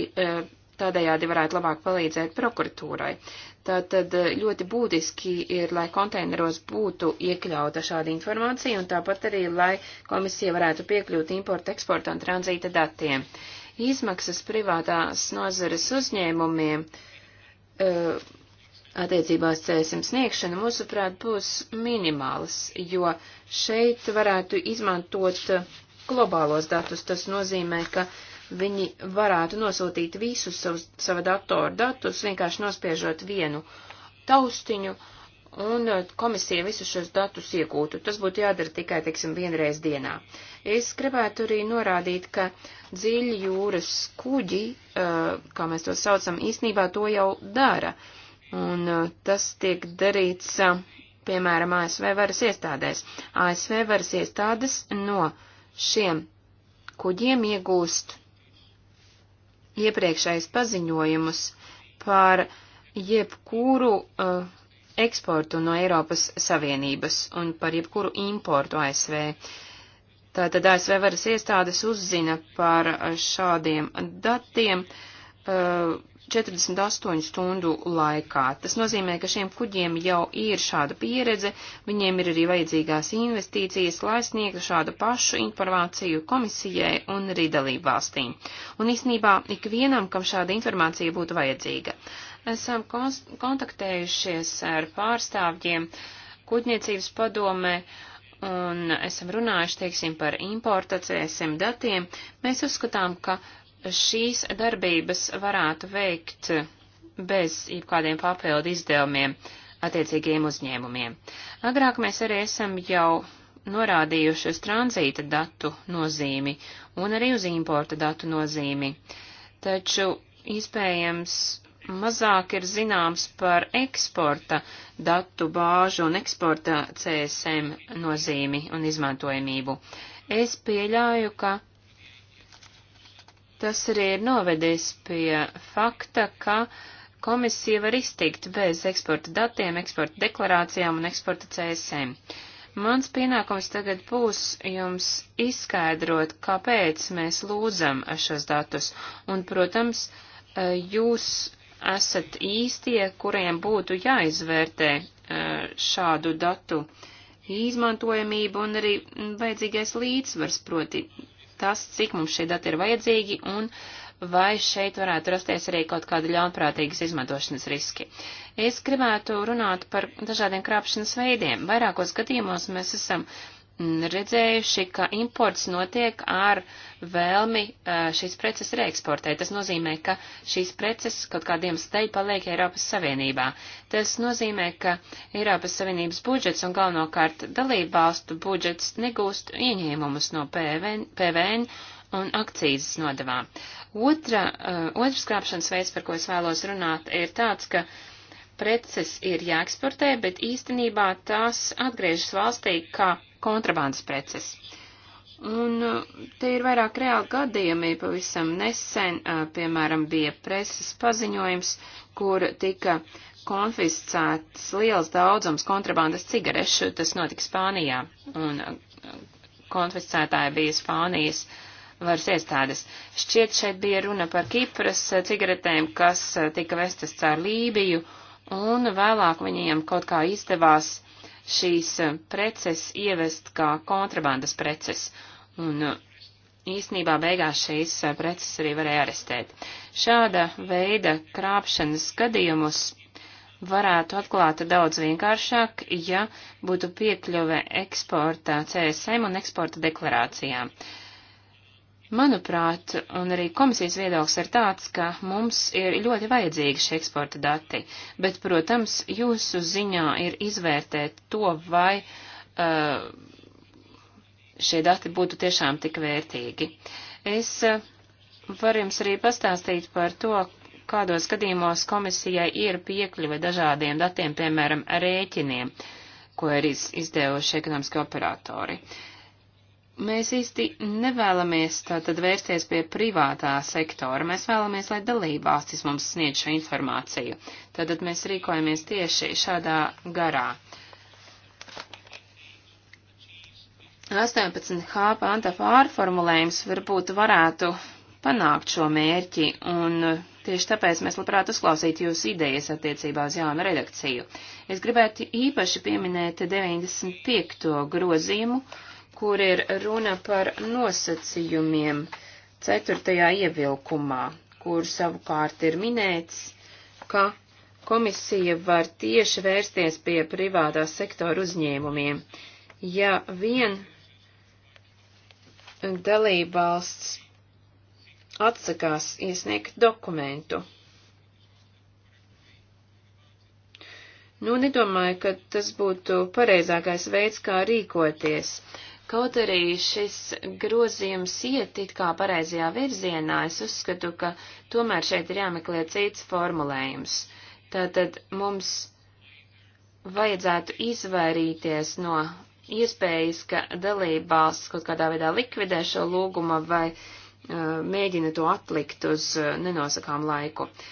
tādējādi varētu labāk palīdzēt prokuratūrai. Tātad ļoti būtiski ir, lai konteineros būtu iekļauta šāda informācija un tāpat arī, lai komisija varētu piekļūt importu, eksporta un tranzīta datiem. Izmaksas privātās nozares uzņēmumiem uh, attiecībās cēsim sniegšana, mūsuprāt, būs minimāls, jo šeit varētu izmantot eh, globālos datus. Tas nozīmē, ka viņi varētu nosūtīt visus savus, sava datora datus, vienkārši nospiežot vienu taustiņu, uh, un uh, komisija visus šos datus iegūtu. Tas būtu jādara tikai, teiksim, vienreiz dienā. Es gribētu arī norādīt, ka dziļi jūras kuģi, uh, kā mēs to saucam, īsnībā to jau dara. Un uh, tas tiek darīts, piemēram, ASV varas iestādēs. ASV varas iestādes no šiem kuģiem iegūst iepriekšējais paziņojumus par jebkuru uh, eksportu no Eiropas Savienības un par jebkuru importu ASV. Tātad ASV varas iestādes uzzina par šādiem datiem 48 eh, stundu laikā. Tas nozīmē, ka šiem kuģiem jau ir šāda pieredze, viņiem ir arī vajadzīgās investīcijas, lai sniegtu šādu pašu informāciju komisijai un arī dalībvalstīm. Un īsnībā ikvienam, kam šāda informācija būtu vajadzīga esam kontaktējušies ar pārstāvjiem kuģniecības padomē un esam runājuši, teiksim, par importa CSM datiem. Mēs uzskatām, ka šīs darbības varētu veikt bez jebkādiem papildu izdevumiem attiecīgiem uzņēmumiem. Agrāk mēs arī esam jau norādījuši uz tranzīta datu nozīmi un arī uz importa datu nozīmi. Taču, iespējams, mazāk ir zināms par eksporta datu bāžu un eksporta CSM nozīmi un izmantojamību. Es pieļauju, ka tas arī ir novedis pie fakta, ka komisija var iztikt bez eksporta datiem, eksporta deklarācijām un eksporta CSM. Mans pienākums tagad būs jums izskaidrot, kāpēc mēs lūdzam šos datus, un, protams, eh, jūs esat īstie, kuriem būtu jāizvērtē šādu datu izmantojamību un arī vajadzīgais līdzsvars, proti tas, cik mums šie dati ir vajadzīgi un vai šeit varētu rasties arī kaut kāda ļaunprātīgas izmantošanas riski. Es gribētu runāt par dažādiem krāpšanas veidiem. Vairākos gadījumos mēs esam uh, Mm, redzējuši, ka imports notiek ar vēlmi šīs preces reeksportēt. Tas nozīmē, ka šīs preces kaut kādiem steļ paliek Eiropas Savienībā. Tas nozīmē, ka Eiropas Savienības budžets un galvenokārt dalību valstu budžets negūst ieņēmumus no PVN, PVN un akcijas nodavām. Otra, otrs krāpšanas veids, par ko es vēlos runāt, ir tāds, ka preces ir jāeksportē, bet īstenībā tās atgriežas valstī kā kontrabandas preces. Un uh, te ir vairāk reāli gadījumi. Pavisam nesen, uh, piemēram, bija preses paziņojums, kur tika konfiscēts liels daudzums kontrabandas cigarešu. Tas notika Spānijā, un uh, konfiscētāja bija Spānijas varas iestādes. Šķiet, šeit bija runa par Kipras cigaretēm, kas tika vestas caur Lībiju, un vēlāk viņiem kaut kā izdevās šīs eh, preces ievest kā kontrabandas preces, un eh, īsnībā beigās šīs eh, preces arī varēja arestēt. Šāda veida krāpšanas gadījumus varētu atklāt daudz vienkāršāk, ja būtu piekļuve eksporta CSM un eksporta deklarācijām. Uh, Manuprāt, un arī komisijas viedoklis ir tāds, ka mums ir ļoti vajadzīgi šie eksporta dati, bet, protams, jūsu ziņā ir izvērtēt to, vai uh, šie dati būtu tiešām tik vērtīgi. Es uh, varu jums arī pastāstīt par to, kādos gadījumos komisijai ir piekļuve dažādiem datiem, piemēram, rēķiniem, ko ir iz, izdevuši ekonomiski operatori. Uh, Mēs īsti nevēlamies tātad vērsties pie privātā sektora, mēs vēlamies, lai dalībvalstis mums sniedz šo informāciju. Tātad mēs rīkojamies tieši šādā garā. 18h panta pārformulējums varbūt varētu panākt šo mērķi, un tieši tāpēc mēs labprāt uzklausītu jūsu idejas attiecībā uz jaunu redakciju. Es gribētu īpaši pieminēt 95. grozījumu, uh, kur ir runa par nosacījumiem ceturtajā ievilkumā, kur savukārt ir minēts, ka komisija var tieši vērsties pie privātā sektora uzņēmumiem, ja vien dalībvalsts atsakās iesniegt dokumentu. Nu, nedomāju, ka tas būtu pareizākais veids, kā rīkoties. Uh, Kaut arī šis grozījums iet it kā pareizajā virzienā, es uzskatu, ka tomēr šeit ir jāmeklē cits formulējums. Tātad mums vajadzētu izvairīties no iespējas, ka dalībvalsts kaut kādā veidā likvidē šo lūgumu vai uh, mēģina to atlikt uz uh, nenosakām laiku. Uh,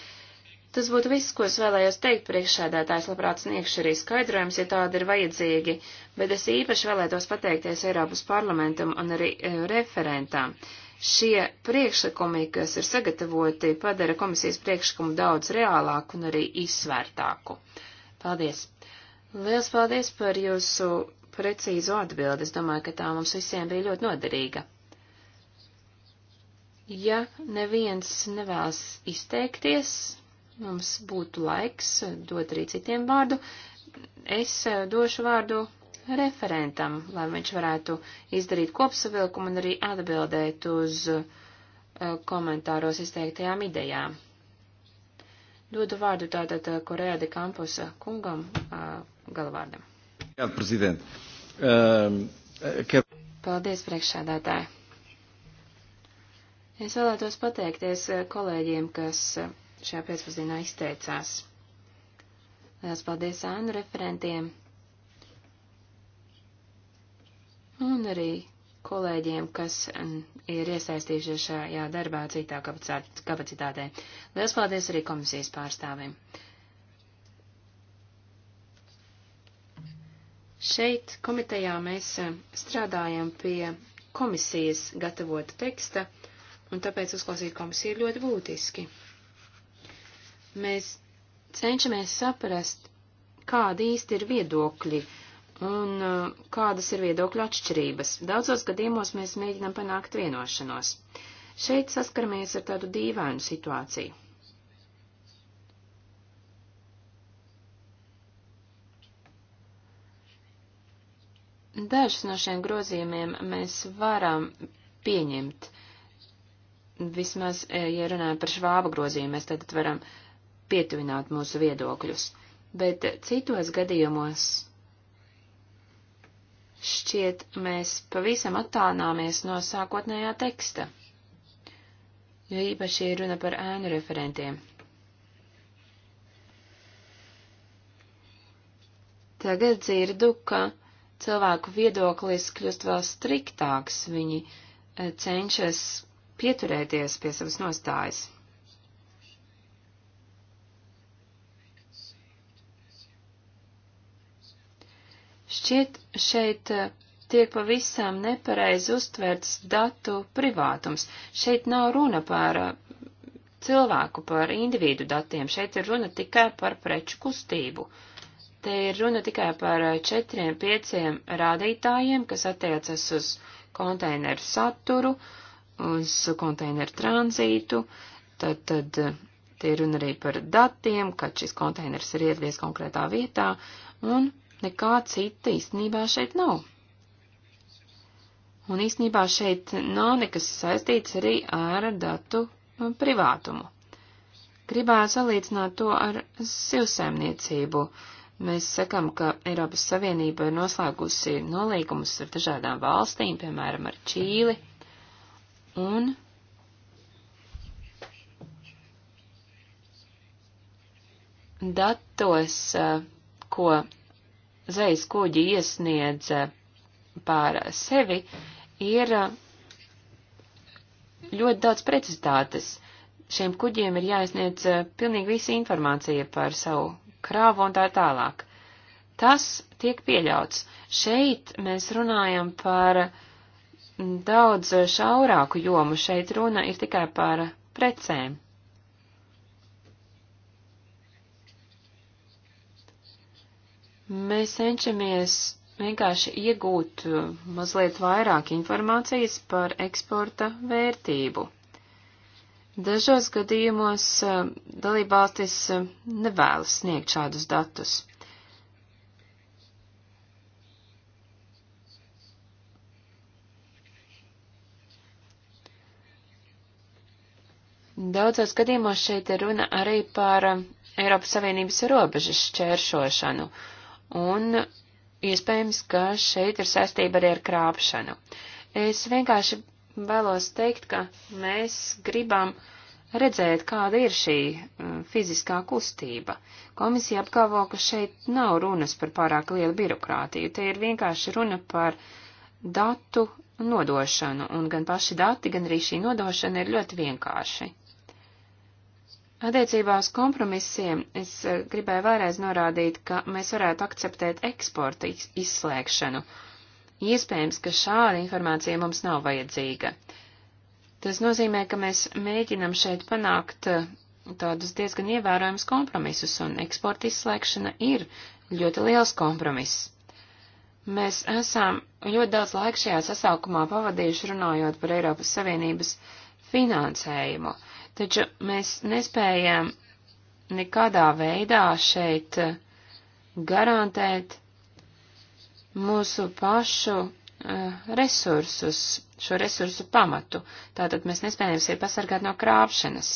Tas būtu viss, ko es vēlējos teikt priekšsēdētājs, labprāt sniegšu arī skaidrojums, ja tādi ir vajadzīgi, bet es īpaši vēlētos pateikties Eiropas parlamentam un arī e, referentām. Šie priekšlikumi, kas ir sagatavoti, padara komisijas priekšlikumu daudz reālāku un arī izsvērtāku. Paldies! Liels paldies par jūsu precīzu atbildi. Es domāju, ka tā mums visiem bija ļoti noderīga. Ja neviens nevēlas izteikties, mums būtu laiks dot arī citiem vārdu, es eh, došu vārdu referentam, lai viņš varētu izdarīt kopsavilkumu un arī atbildēt uz eh, komentāros izteiktajām idejām. Dodu vārdu tātad eh, Korea de Campusa kungam galvārdam. Jā, prezident. Um, ehm, ka... Paldies, priekšsādātāji. Es vēlētos pateikties kolēģiem, kas šajā pēcpazienā izteicās. Lielas paldies ēnu referentiem un arī kolēģiem, kas mm, ir iesaistījušies šajā darbā citā kapacitātē. Lielas paldies arī komisijas pārstāvim. Šeit komitejā mēs mm, strādājam pie komisijas gatavota teksta, un tāpēc uzklausīt komisiju ir ļoti būtiski. Mēs cenšamies saprast, kādi īsti ir viedokļi un uh, kādas ir viedokļu atšķirības. Daudzos gadījumos mēs mēģinām panākt vienošanos. Šeit saskaramies ar tādu dīvainu situāciju. Dažus no šiem grozījumiem mēs varam pieņemt. Vismaz, eh, ja runājam par švābu grozījumu, mēs tad varam uh, pietuvināt mūsu viedokļus, bet citos gadījumos šķiet mēs pavisam attālināmies no sākotnējā teksta, jo īpaši ir runa par ēnu referentiem. Tagad dzirdu, ka cilvēku viedoklis kļūst vēl striktāks, viņi eh, cenšas pieturēties pie savas nostājas. Šķiet, šeit eh, tiek pavisam nepareizi uztverts datu privātums. Šeit nav runa par eh, cilvēku, par individu datiem, šeit ir runa tikai par preču kustību. Te ir runa tikai par eh, četriem, pieciem rādītājiem, kas attiecas uz konteineru saturu, uz konteineru tranzītu, tad, tad te ir runa arī par datiem, kad šis konteiners ir ieradies konkrētā vietā, un Nekā cita īstenībā šeit nav. Un īstenībā šeit nav nekas saistīts arī ar datu um, privātumu. Gribētu salīdzināt to ar sivsēmniecību. Mēs sakam, ka Eiropas Savienība ir noslēgusi nolīgumus ar dažādām valstīm, piemēram, ar Čīli. Un datos, uh, ko zvejas kuģi iesniedz eh, pār sevi, ir eh, ļoti daudz precizitātes. Šiem kuģiem ir jāizniedz eh, pilnīgi visa informācija par savu krāvu un tā tālāk. Tas tiek pieļauts. Šeit mēs runājam par daudz šaurāku jomu. Šeit runa ir tikai par precēm. Mēs cenšamies vienkārši iegūt uh, mazliet vairāk informācijas par eksporta vērtību. Dažos gadījumos uh, dalībvalstis uh, nevēlas sniegt šādus datus. Daudzos gadījumos šeit ir runa arī par Eiropas Savienības robežas šķēršošanu. Uh, un iespējams, ka šeit ir saistība arī ar krāpšanu. Es vienkārši vēlos teikt, ka mēs gribam redzēt, kāda ir šī fiziskā kustība. Komisija apgalvo, ka šeit nav runas par pārāk lielu birokrātiju, te ir vienkārši runa par datu nodošanu, un gan paši dati, gan arī šī nodošana ir ļoti vienkārši. Attiecībā uz kompromisiem es eh, gribēju vēlreiz norādīt, ka mēs varētu akceptēt eksporta izslēgšanu. Iespējams, ka šāda informācija mums nav vajadzīga. Tas nozīmē, ka mēs mēģinam šeit panākt eh, tādus diezgan ievērojams kompromisus, un eksporta izslēgšana ir ļoti liels kompromiss. Mēs esam ļoti daudz laika šajā sasaukumā pavadījuši runājot par Eiropas Savienības finansējumu. Taču mēs nespējām nekādā veidā šeit eh, garantēt mūsu pašu uh, resursus, šo resursu pamatu. Tātad mēs nespējam sevi pasargāt no krāpšanas.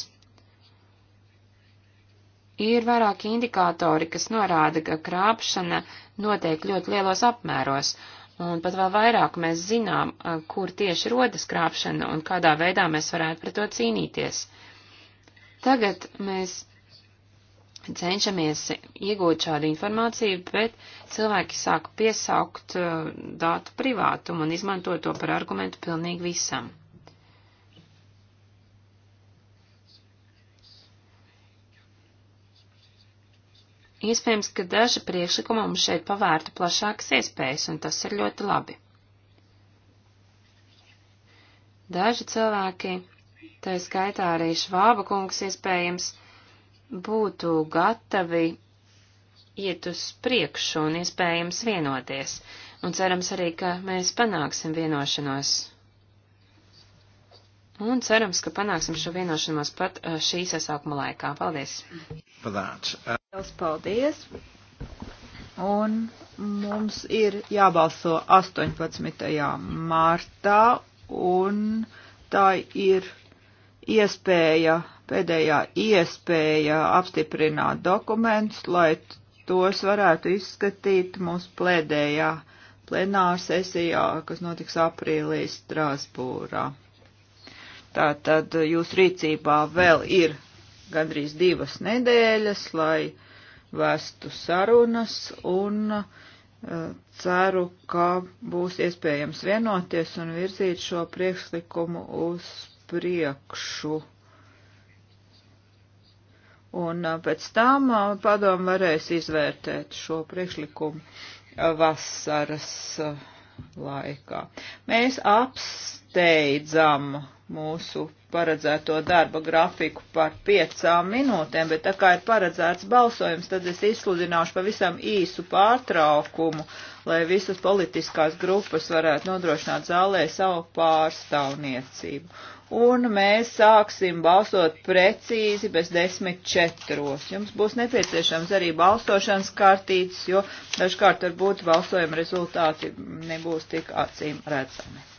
Ir vairāki indikātori, kas norāda, ka krāpšana notiek ļoti lielos apmēros, un pat vēl vairāk mēs zinām, eh, kur tieši rodas krāpšana un kādā veidā mēs varētu pret to cīnīties. Uh, Tagad mēs cenšamies iegūt šādu informāciju, bet cilvēki sāk piesaukt uh, datu privātumu un izmanto to par argumentu pilnīgi visam. Iespējams, ka daži priekšlikumi mums šeit pavērtu plašākas iespējas, un tas ir ļoti labi. Daži cilvēki tā skaitā arī Švāba kungs iespējams, būtu gatavi iet uz priekšu un iespējams vienoties, un cerams arī, ka mēs panāksim vienošanos. Un cerams, ka panāksim šo vienošanos pat uh, šī sasaukuma laikā. Paldies! Liels paldies! Un mums ir jābalso 18. martā, un tā ir iespēja, pēdējā iespēja apstiprināt dokumentus, lai tos varētu izskatīt mūsu plēdējā plenāra sesijā, kas notiks aprīlī Strasbūrā. Tātad jūs rīcībā vēl ir gandrīz divas nedēļas, lai vestu sarunas un eh, ceru, ka būs iespējams vienoties un virzīt šo priekšlikumu uz priekšu. Un uh, pēc tam uh, padomu varēs izvērtēt šo priekšlikumu uh, vasaras laikā. Mēs apsteidzam mūsu paredzēto darba grafiku par piecām minūtēm, bet tā kā ir paredzēts balsojums, tad es izsludināšu pavisam īsu pārtraukumu, lai visas politiskās grupas varētu nodrošināt zālē savu pārstāvniecību un mēs sāksim balsot precīzi bez desmit četros. Jums būs nepieciešams arī balsošanas kartītes, jo dažkārt varbūt balsojuma rezultāti nebūs tik acīm redzami.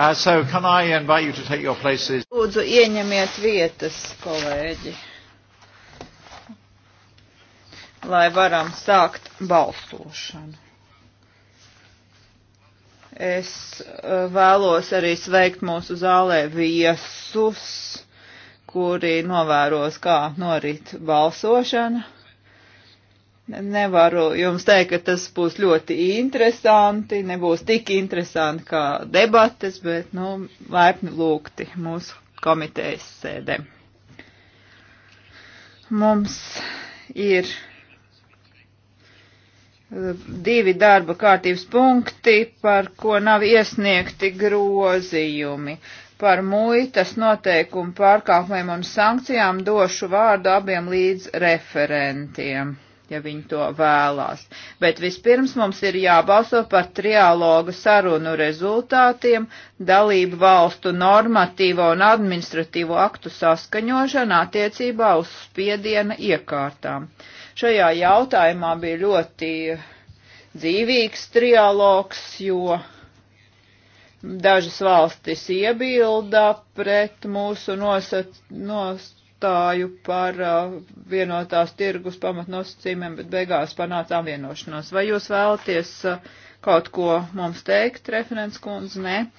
Uh, so can I invite you to take your places? Lūdzu, ieņemiet vietas, kolēģi, lai varam sākt balsošanu. Es uh, vēlos arī sveikt mūsu zālē viesus, kuri novēros, kā norit balsošana. Nevaru jums teikt, ka tas būs ļoti interesanti, nebūs tik interesanti kā debates, bet, nu, laipni lūgti mūsu komitejas sēdē. Mums ir eh, divi darba kārtības punkti, par ko nav iesniegti grozījumi. Par muitas noteikumu pārkāpumiem un sankcijām došu vārdu abiem līdz referentiem ja viņi to vēlās. Bet vispirms mums ir jābalso par trialogu sarunu rezultātiem, dalību valstu normatīvo un administratīvo aktu saskaņošanu attiecībā uz spiediena iekārtām. Šajā jautājumā bija ļoti dzīvīgs trialogs, jo dažas valstis iebilda pret mūsu nosacījumu jautāju par uh, vienotās tirgus pamatnosacījumiem, bet beigās panācām vienošanos. Vai jūs vēlaties uh, kaut ko mums teikt, referents kundze? Nē.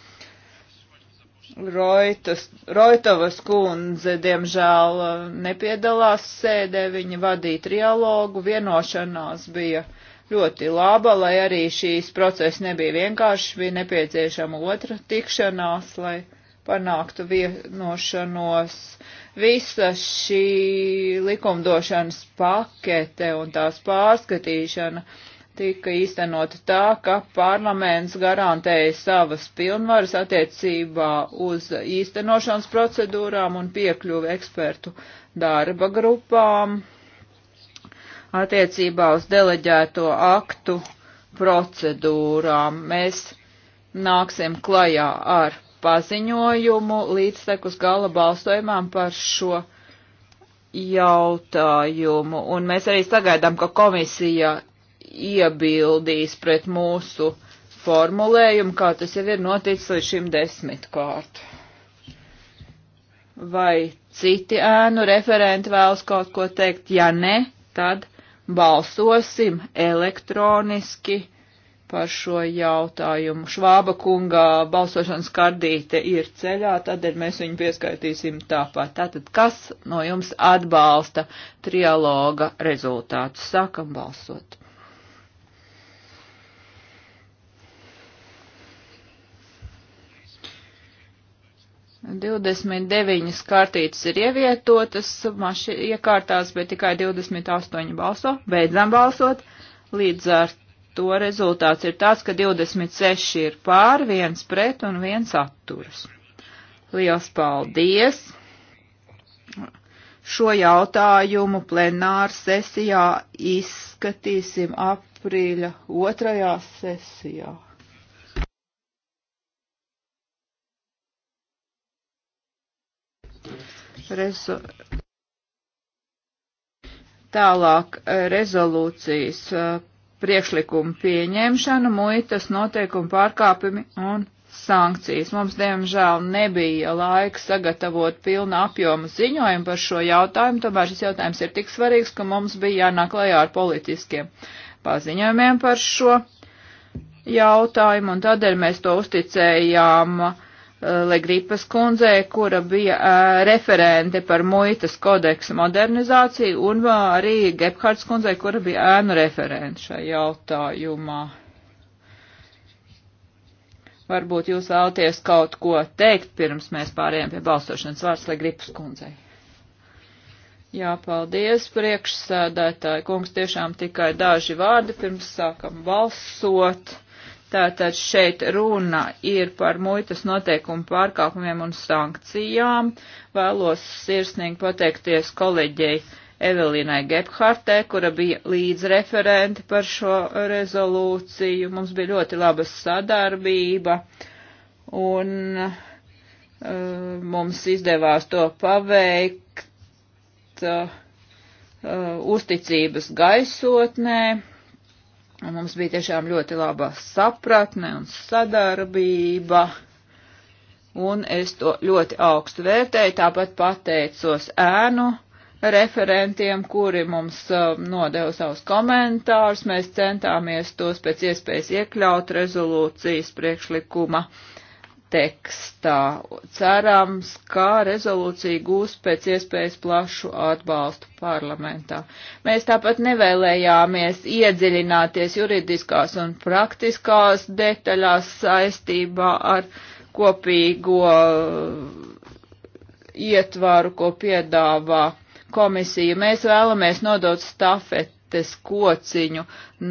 Roitas, Roitavas kundze, diemžēl, uh, nepiedalās sēdē, viņa vadīja trialogu, vienošanās bija ļoti laba, lai arī šīs process nebija vienkārši, bija nepieciešama otra tikšanās, lai panāktu vienošanos. Uh, Visa šī likumdošanas pakete un tās pārskatīšana tika īstenota tā, ka parlaments garantēja savas pilnvaras attiecībā uz īstenošanas procedūrām un piekļuvi ekspertu darba grupām attiecībā uz deleģēto aktu procedūrām. Mēs nāksim klajā ar paziņojumu līdztekus gala balstojumam par šo jautājumu. Un mēs arī sagaidām, ka komisija iebildīs pret mūsu formulējumu, kā tas jau ir noticis līdz šim desmitkārt. Vai citi ēnu referenti vēlas kaut ko teikt? Ja ne, tad balsosim elektroniski par šo jautājumu. Švāba kungā balsošanas kardīte ir ceļā, tādēļ mēs viņu pieskaitīsim tāpat. Tātad, kas no jums atbalsta trialoga rezultātus? Sākam balsot. Divdesmit deviņas kartītes ir ievietotas maši iekārtās, bet tikai divdesmit astoņi balso. Beidzam balsot. Līdz ar to rezultāts ir tāds, ka 26 ir pār, viens pret un viens atturas. Liels paldies! Šo jautājumu plenāra sesijā izskatīsim aprīļa otrajā sesijā. Rezo... Tālāk eh, rezolūcijas eh, priekšlikumu pieņemšanu, muitas noteikumu pārkāpumi un sankcijas. Mums, diemžēl, nebija laika sagatavot pilnu apjomu ziņojumu par šo jautājumu, tomēr šis jautājums ir tik svarīgs, ka mums bija jānāk lajā ar politiskiem paziņojumiem par šo jautājumu, un tādēļ mēs to uzticējām uh, Eh, Legripas kundzei, kura bija uh, referente par muitas kodeksa modernizāciju, un arī Gebhards kundzei, kura bija ēnu referente šajā jautājumā. Varbūt jūs vēlaties kaut ko teikt, pirms mēs pārējām pie balsošanas vārds Legripas kundzei. Jā, paldies, priekšsēdētāji kungs, tiešām tikai daži vārdi pirms sākam balsot. Tātad šeit runa ir par muitas noteikumu pārkāpumiem un sankcijām. Vēlos sirsnīgi pateikties kolēģei Evelīnai Gebhartē, kura bija līdzreferente par šo rezolūciju. Mums bija ļoti laba sadarbība un uh, mums izdevās to paveikt uh, uh uzticības gaisotnē Un mums bija tiešām ļoti laba sapratne un sadarbība. Un es to ļoti augstu vērtēju, tāpat pateicos ēnu referentiem, kuri mums um, nodeva savus komentārus. Mēs centāmies tos pēc iespējas iekļaut rezolūcijas priekšlikuma uh, tekstā. Cerams, kā rezolūcija gūs pēc iespējas plašu atbalstu parlamentā. Mēs tāpat nevēlējāmies iedziļināties juridiskās un praktiskās detaļās saistībā ar kopīgo uh, ietvaru, ko piedāvā komisija. Mēs vēlamies nodot stafeti kocis kociņu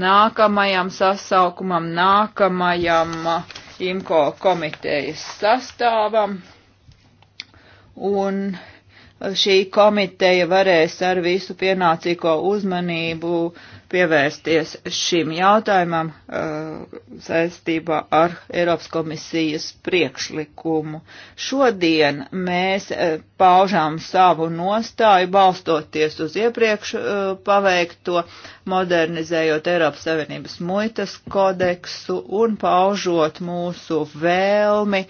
nākamajam sasaukumam, nākamajam uh, IMCO komitejas sastāvam. Un šī komiteja varēs ar visu pienācīgo uzmanību pievērsties šim jautājumam uh, saistībā ar Eiropas komisijas priekšlikumu. Šodien mēs uh, paužām savu nostāju balstoties uz iepriekš uh, paveikto modernizējot Eiropas Savienības muitas kodeksu un paužot mūsu vēlmi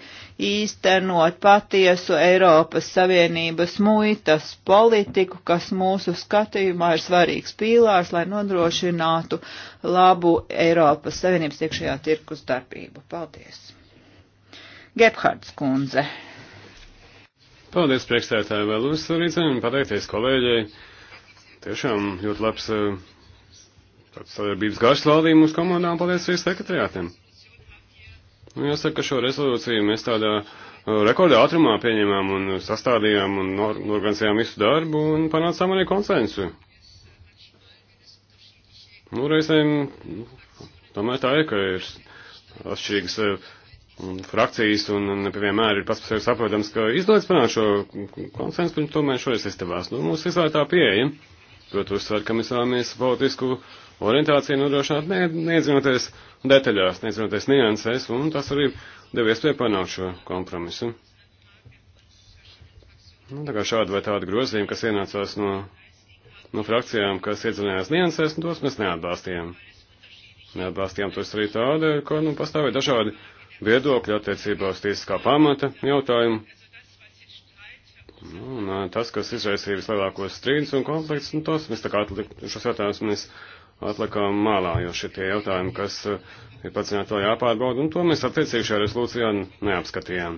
īstenot patiesu Eiropas Savienības muitas politiku, kas mūsu skatījumā ir svarīgs pīlārs, lai nodrošinātu labu Eiropas Savienības iekšējā tirkus darbību. Paldies! Gebhards kundze. Paldies, priekšstādātāji, vēl uzsvarīsim un pateikties kolēģei. Tiešām ļoti labs uh, tāds sadarbības garš valdīja mūsu komandām, paldies arī sekretariātiem. Nu, jāsaka, ka šo rezolūciju mēs tādā uh, rekordā ātrumā pieņemām un sastādījām un organizējām visu darbu un panācām arī konsensu. Nu, reizēm tomēr tā ir, ka ir atšķirīgas uh, frakcijas un, un nevienmēr ir pats par sevi saprotams, ka izdodas panākt šo konsensu, un tomēr šoreiz izdevās. Nu, mums visā tā pieeja. Protams, uzsver, ka mēs vēlamies politisku orientācija nodrošināt, ne, neiedzinoties detaļās, neiedzinoties niansēs, un tas arī deva iespēju panākt šo kompromisu. Nu, tā kā šādi vai tādi grozījumi, kas ienācās no, no frakcijām, kas iedzinājās niansēs, nu, tos mēs neatbalstījām. Neatbalstījām tos arī tādi, ka, nu, pastāvēja dažādi viedokļi attiecībā uz tiesiskā pamata jautājumu. Nu, un, tas, kas izraisīja vislielākos strīdus un konflikts, nu, tos mēs tā kā atlik, šos jautājumus mēs atlikām mālā, jo šie tie jautājumi, kas eh, ir paciņā to jāpārbauda, un to mēs attiecīgi šajā rezolūcijā neapskatījām.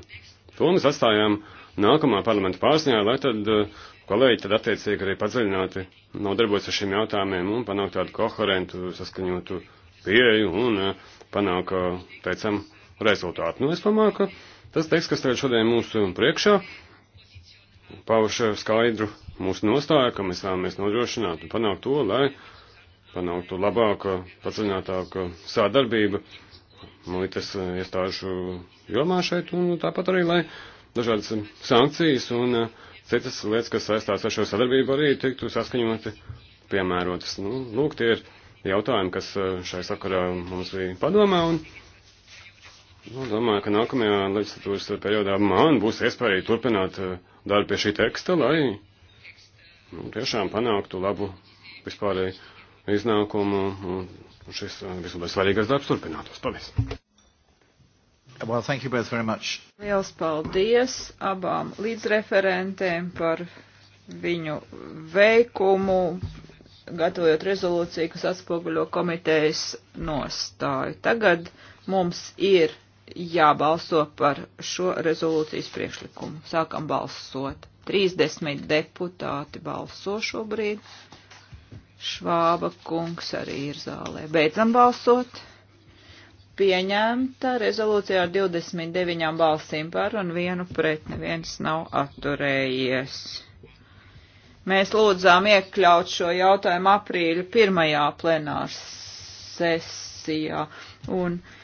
To mēs atstājām nākamā parlamenta pārsniņā, lai tad eh, kolēģi tad attiecīgi arī padziļināti nodarbojas ar šiem jautājumiem un panāk tādu koherentu, saskaņotu pieeju un eh, panāk, teicam, rezultātu. Nu, es domāju, ka tas teksts, kas tagad šodien mūsu priekšā, pauž skaidru mūsu nostāju, ka mēs vēlamies nodrošināt un panākt to, lai panāktu labāka, padziļinātāka sādarbība muitas eh, iestāžu jomā šeit, un tāpat arī, lai dažādas sankcijas un eh, citas lietas, kas saistās ar šo sadarbību, arī tiktu saskaņoti piemērotas. Nu, lūk, tie ir jautājumi, kas eh, šai sakarā mums bija padomā, un nu, domāju, ka nākamajā leģislatūras periodā man būs iespēja arī turpināt darbu pie šī teksta, lai nu, tiešām panāktu labu vispārēju iznākumu. Un šis uh, vismaz svarīgais darbs turpinātos. Paldies! Well, thank you both very much. Liels paldies abām līdzreferentēm par viņu veikumu, gatavojot rezolūciju, kas atspoguļo komitejas nostāju. Tagad mums ir jābalso par šo rezolūcijas priekšlikumu. Sākam balsot. 30 deputāti balso šobrīd. Švāba kungs arī ir zālē. Beidzam balsot. Pieņemta rezolūcija ar 29 balsīm par un vienu pret. Neviens nav atturējies. Mēs lūdzām iekļaut šo jautājumu aprīļa pirmajā plenārs sesijā. Un, uh,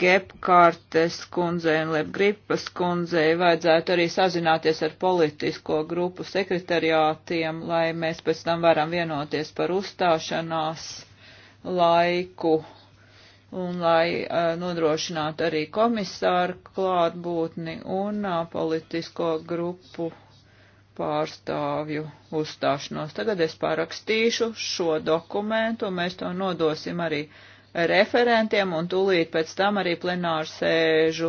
Gepkārtes kundzei un Lebgripas kundzei vajadzētu arī sazināties ar politisko grupu sekretariātiem, lai mēs pēc tam varam vienoties par uzstāšanās laiku un lai uh, nodrošinātu arī komisāru klātbūtni un uh, politisko grupu pārstāvju uzstāšanos. Tagad es parakstīšu šo dokumentu, un mēs to nodosim arī uh, referentiem un tūlīt pēc tam arī plenāru sēžu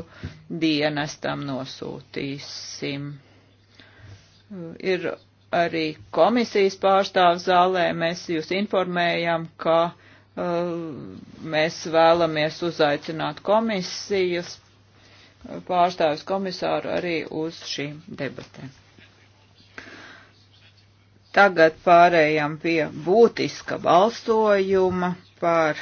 dienestam nosūtīsim. Ir arī komisijas pārstāvs zālē, mēs jūs informējam, ka uh, mēs vēlamies uzaicināt komisijas pārstāvis komisāru arī uz šīm debatēm. Tagad pārējām pie būtiska balsojuma par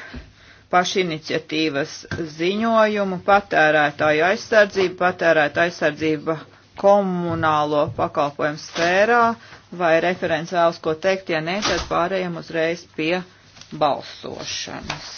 pašiniciatīvas ziņojumu, patērētāju aizsardzību, patērētāju aizsardzība komunālo pakalpojumu sfērā, vai referents vēlas ko teikt, ja ne, tad pārējiem uzreiz pie balsošanas.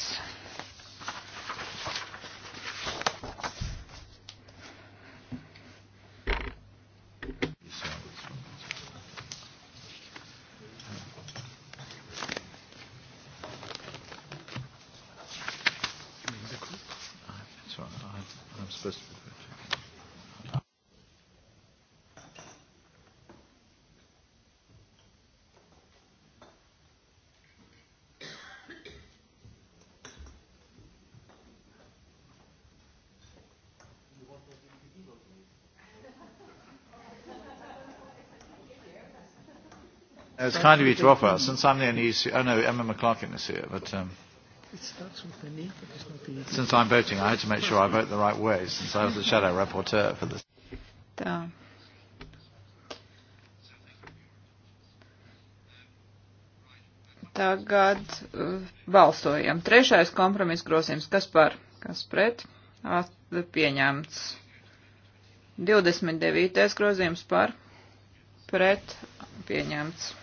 It's kind of you to offer. Since I'm the only EC, oh no, Emma McClarkin is here, but um, it starts with the knee, but it's not the easy. since I'm voting, I had to make sure I vote the right way, since I was the shadow rapporteur for this. Tā. Tagad uh, balsojam. Trešais kompromiss grozījums. Kas par? Kas pret? At, pieņemts. 29. grozījums par? Pret? Pieņemts.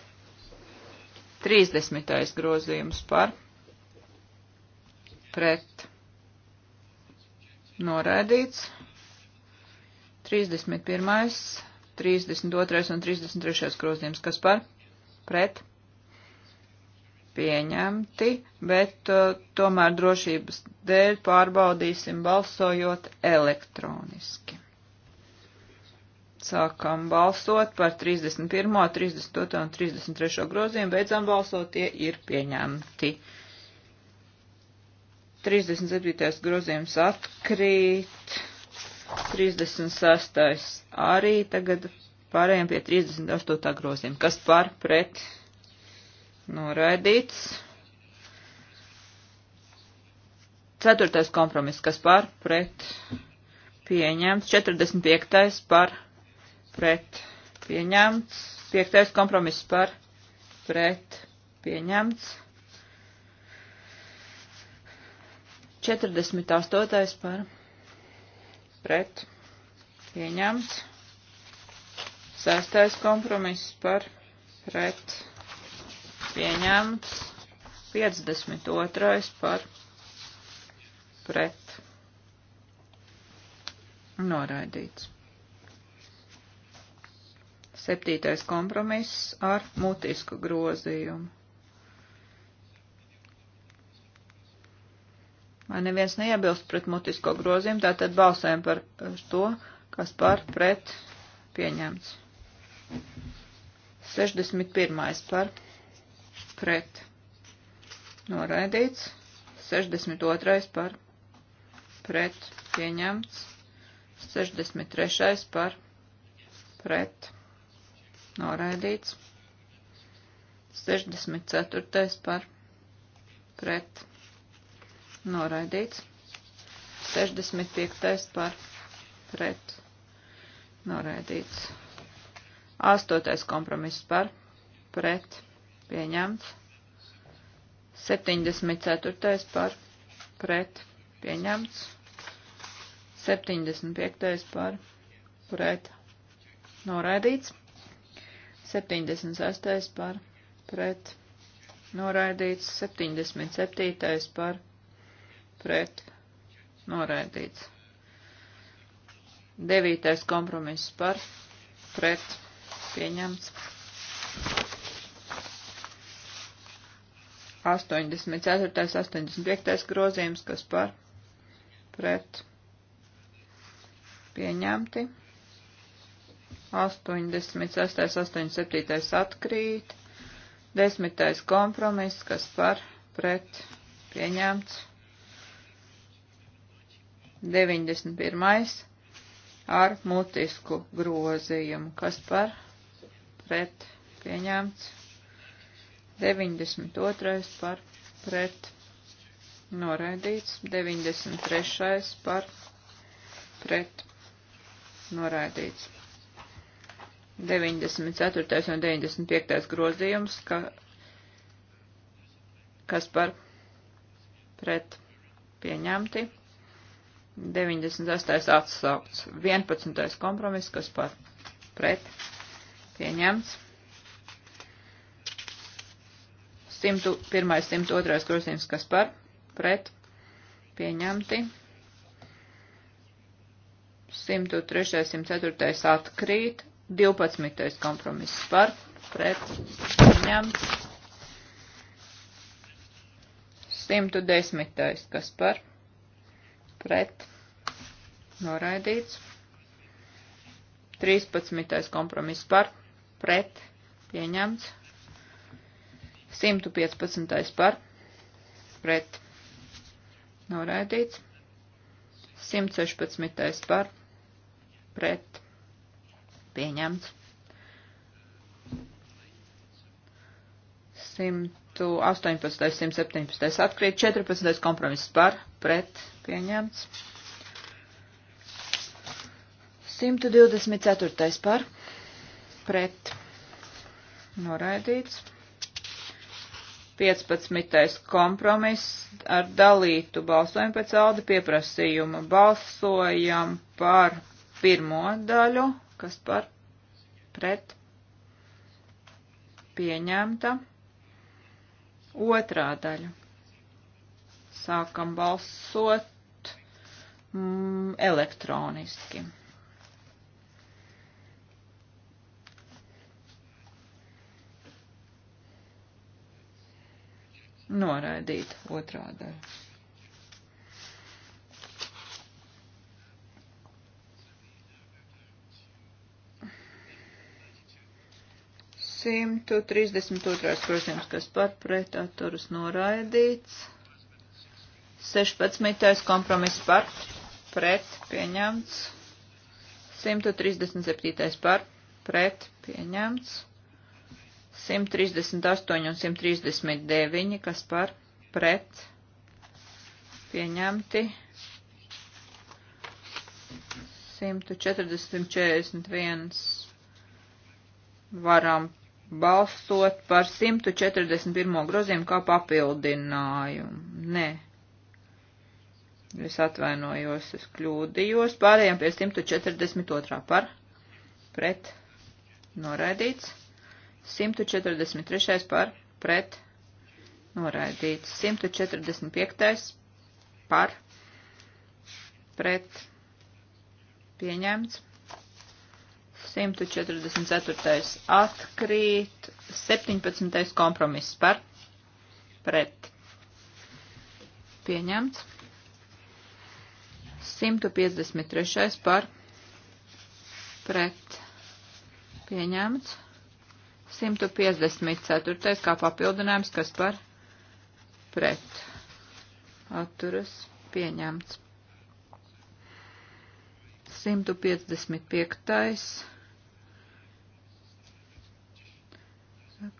30. grozījums par pret noraidīts. 31. 32. un 33. grozījums, kas par pret pieņemti, bet uh, tomēr drošības dēļ pārbaudīsim balsojot elektroniski. Sākam balsot par 31., 32. un 33. grozījumu, beidzam balsot, tie ir pieņemti. 37. grozījums atkrīt, 36. arī tagad pārējiem pie 38. grozījuma, kas par pret noraidīts. Ceturtais kompromiss, kas par pret pieņemts, 45. par pret pieņemts. Piektais kompromiss par pret pieņemts. 48. par pret pieņemts. Sestais kompromiss par pret pieņemts. 52. par pret noraidīts. Septītais kompromiss ar mutisku grozījumu. Vai neviens neiebilst pret mutisko grozījumu, tātad balsējam par to, kas par pret pieņemts. 61. par pret noraidīts, 62. par pret pieņemts, 63. par pret noraidīts. 64. par pret noraidīts. 65. par pret noraidīts. 8. kompromiss par pret pieņemts. 74. par pret pieņemts. 75. par pret noraidīts. 76. par pret noraidīts, 77. par pret noraidīts. 9. kompromiss par pret pieņemts. 84. 85. grozījums, kas par pret pieņemti. 86, 87 atkrīt, 10. kompromiss, kas par pret pieņemts, 91. ar mutisku grozījumu, kas par pret pieņemts, 92. par pret noraidīts, 93. par pret noraidīts. 94. un 95. grozījums, ka, kas par pret pieņemti. 98. atsaukts. 11. kompromiss, kas par pret pieņemts. 101. 102. grozījums, kas par pret pieņemti. 103. 104. atkrīt. 12. kompromiss par, pret, pieņemts. 110. kas par, pret, noraidīts. 13. kompromiss par, pret, pieņemts. 115. par, pret, noraidīts. 116. par, pret, pieņemts. 118, 117 atkrīt, 14 kompromiss par, pret, pieņemts. 124 par, pret, noraidīts. 15. kompromiss ar dalītu balsojumu pēc alda pieprasījuma. Balsojam par pirmo daļu kas par pret pieņemta. Otrā daļa. Sākam balsot mm, elektroniski. Noraidīt otrā daļa. 132. grozījums, kas par pret atturas noraidīts. 16. kompromiss par pret pieņemts. 137. par pret pieņemts. 138 un 139, kas par pret pieņemti. 140, 141 varam balsot par 141. grozījumu kā papildinājumu. Nē. Es atvainojos, es kļūdījos. Pārējām pie 142. par pret noraidīts. 143. par pret noraidīts. 145. par pret pieņemts. 144. atkrīt, 17. kompromiss par pret. Pieņemts. 153. par pret. Pieņemts. 154. kā papildinājums, kas par pret. Atturas pieņemts. 155.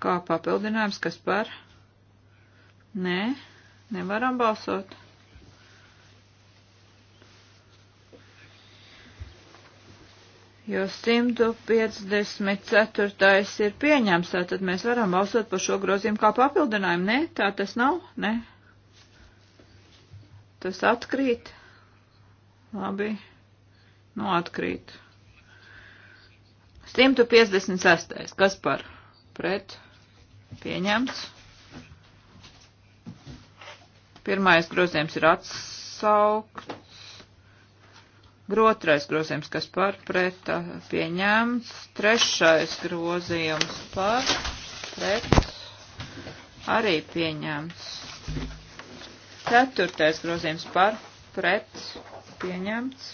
kā papildinājums, kas par? Nē, nevaram balsot. Jo 154. ir pieņemts, tātad mēs varam balsot par šo grozījumu kā papildinājumu. Nē, tā tas nav, nē. Tas atkrīt. Labi. Nu, atkrīt. 156. Kas par? pret pieņemts. Pirmais grozījums ir atsaukts. Grotrais grozījums, kas par pret pieņemts. Trešais grozījums par pret arī pieņemts. Ceturtais grozījums par pret pieņemts.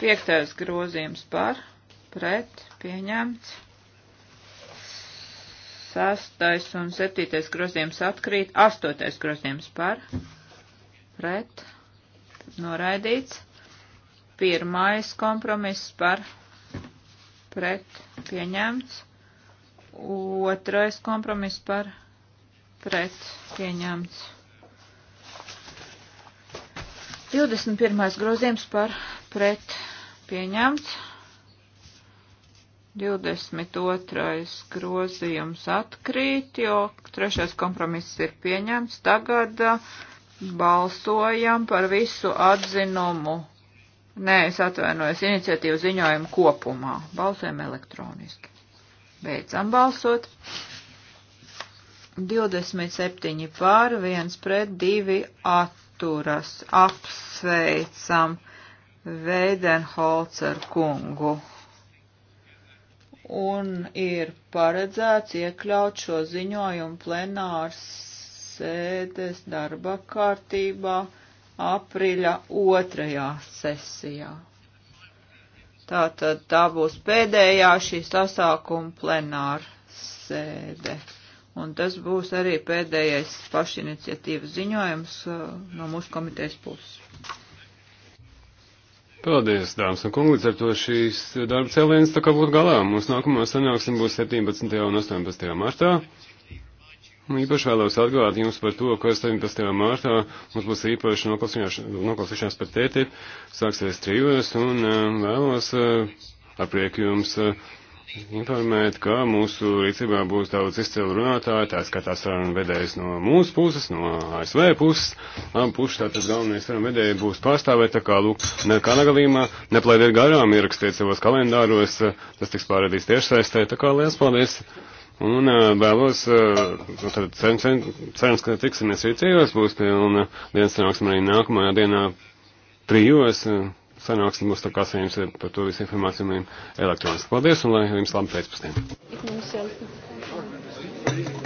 Piektais grozījums par pret pret pieņemts. Sastais un septītais grozījums atkrīt. Astotais grozījums par pret noraidīts. Pirmais kompromiss par pret pieņemts. Otrais kompromiss par pret pieņemts. 21. grozījums par pret pieņemts. 22. grozījums atkrīt, jo trešais kompromiss ir pieņemts. Tagad uh, balsojam par visu atzinumu. Nē, es atvainojos, iniciatīvu ziņojumu kopumā. Balsojam elektroniski. Beidzam balsot. 27 pār, 1 pret, 2 atturas. Apsveicam Veidenholzer kungu un ir paredzēts iekļaut šo ziņojumu plenārs sēdes darba kārtībā aprīļa otrajā sesijā. Tātad tā būs pēdējā šī sasākuma plenāra sēde. Un tas būs arī pēdējais pašiniciatīvas ziņojums uh, no mūsu komitejas puses. Paldies, dāmas un kungi, līdz ar to šīs darba cēlienas tā kā būtu galā. Mūsu nākamā sanāksme būs 17. un 18. martā. Un īpaši vēlos atgādāt jums par to, ka 17. martā mums būs īpaši noklausīšanās par tēti, sāksies trijos, un eh, vēlos eh, ar prieku jums. Uh, informēt, ka mūsu rīcībā būs daudz izcilu runātāju, tā skatās sarunu vedējs no mūsu puses, no ASV puses, abi puses, tātad galvenais sarunu vedēji būs pārstāvēt, tā kā lūk, nekā negalījumā, neplaidiet garām, ierakstiet savos kalendāros, tas tiks pārādīts tiešsaistē, tā kā liels paldies! Un vēlos, nu, cerams, cer, cer, ka tiksimies rīcējos, būs pilna dienas sanāksim arī nākamajā dienā trijos sanāksmi būs tā kā saņems par to visu informāciju elektroniski. Paldies un lai jums labi pēcpusdienu.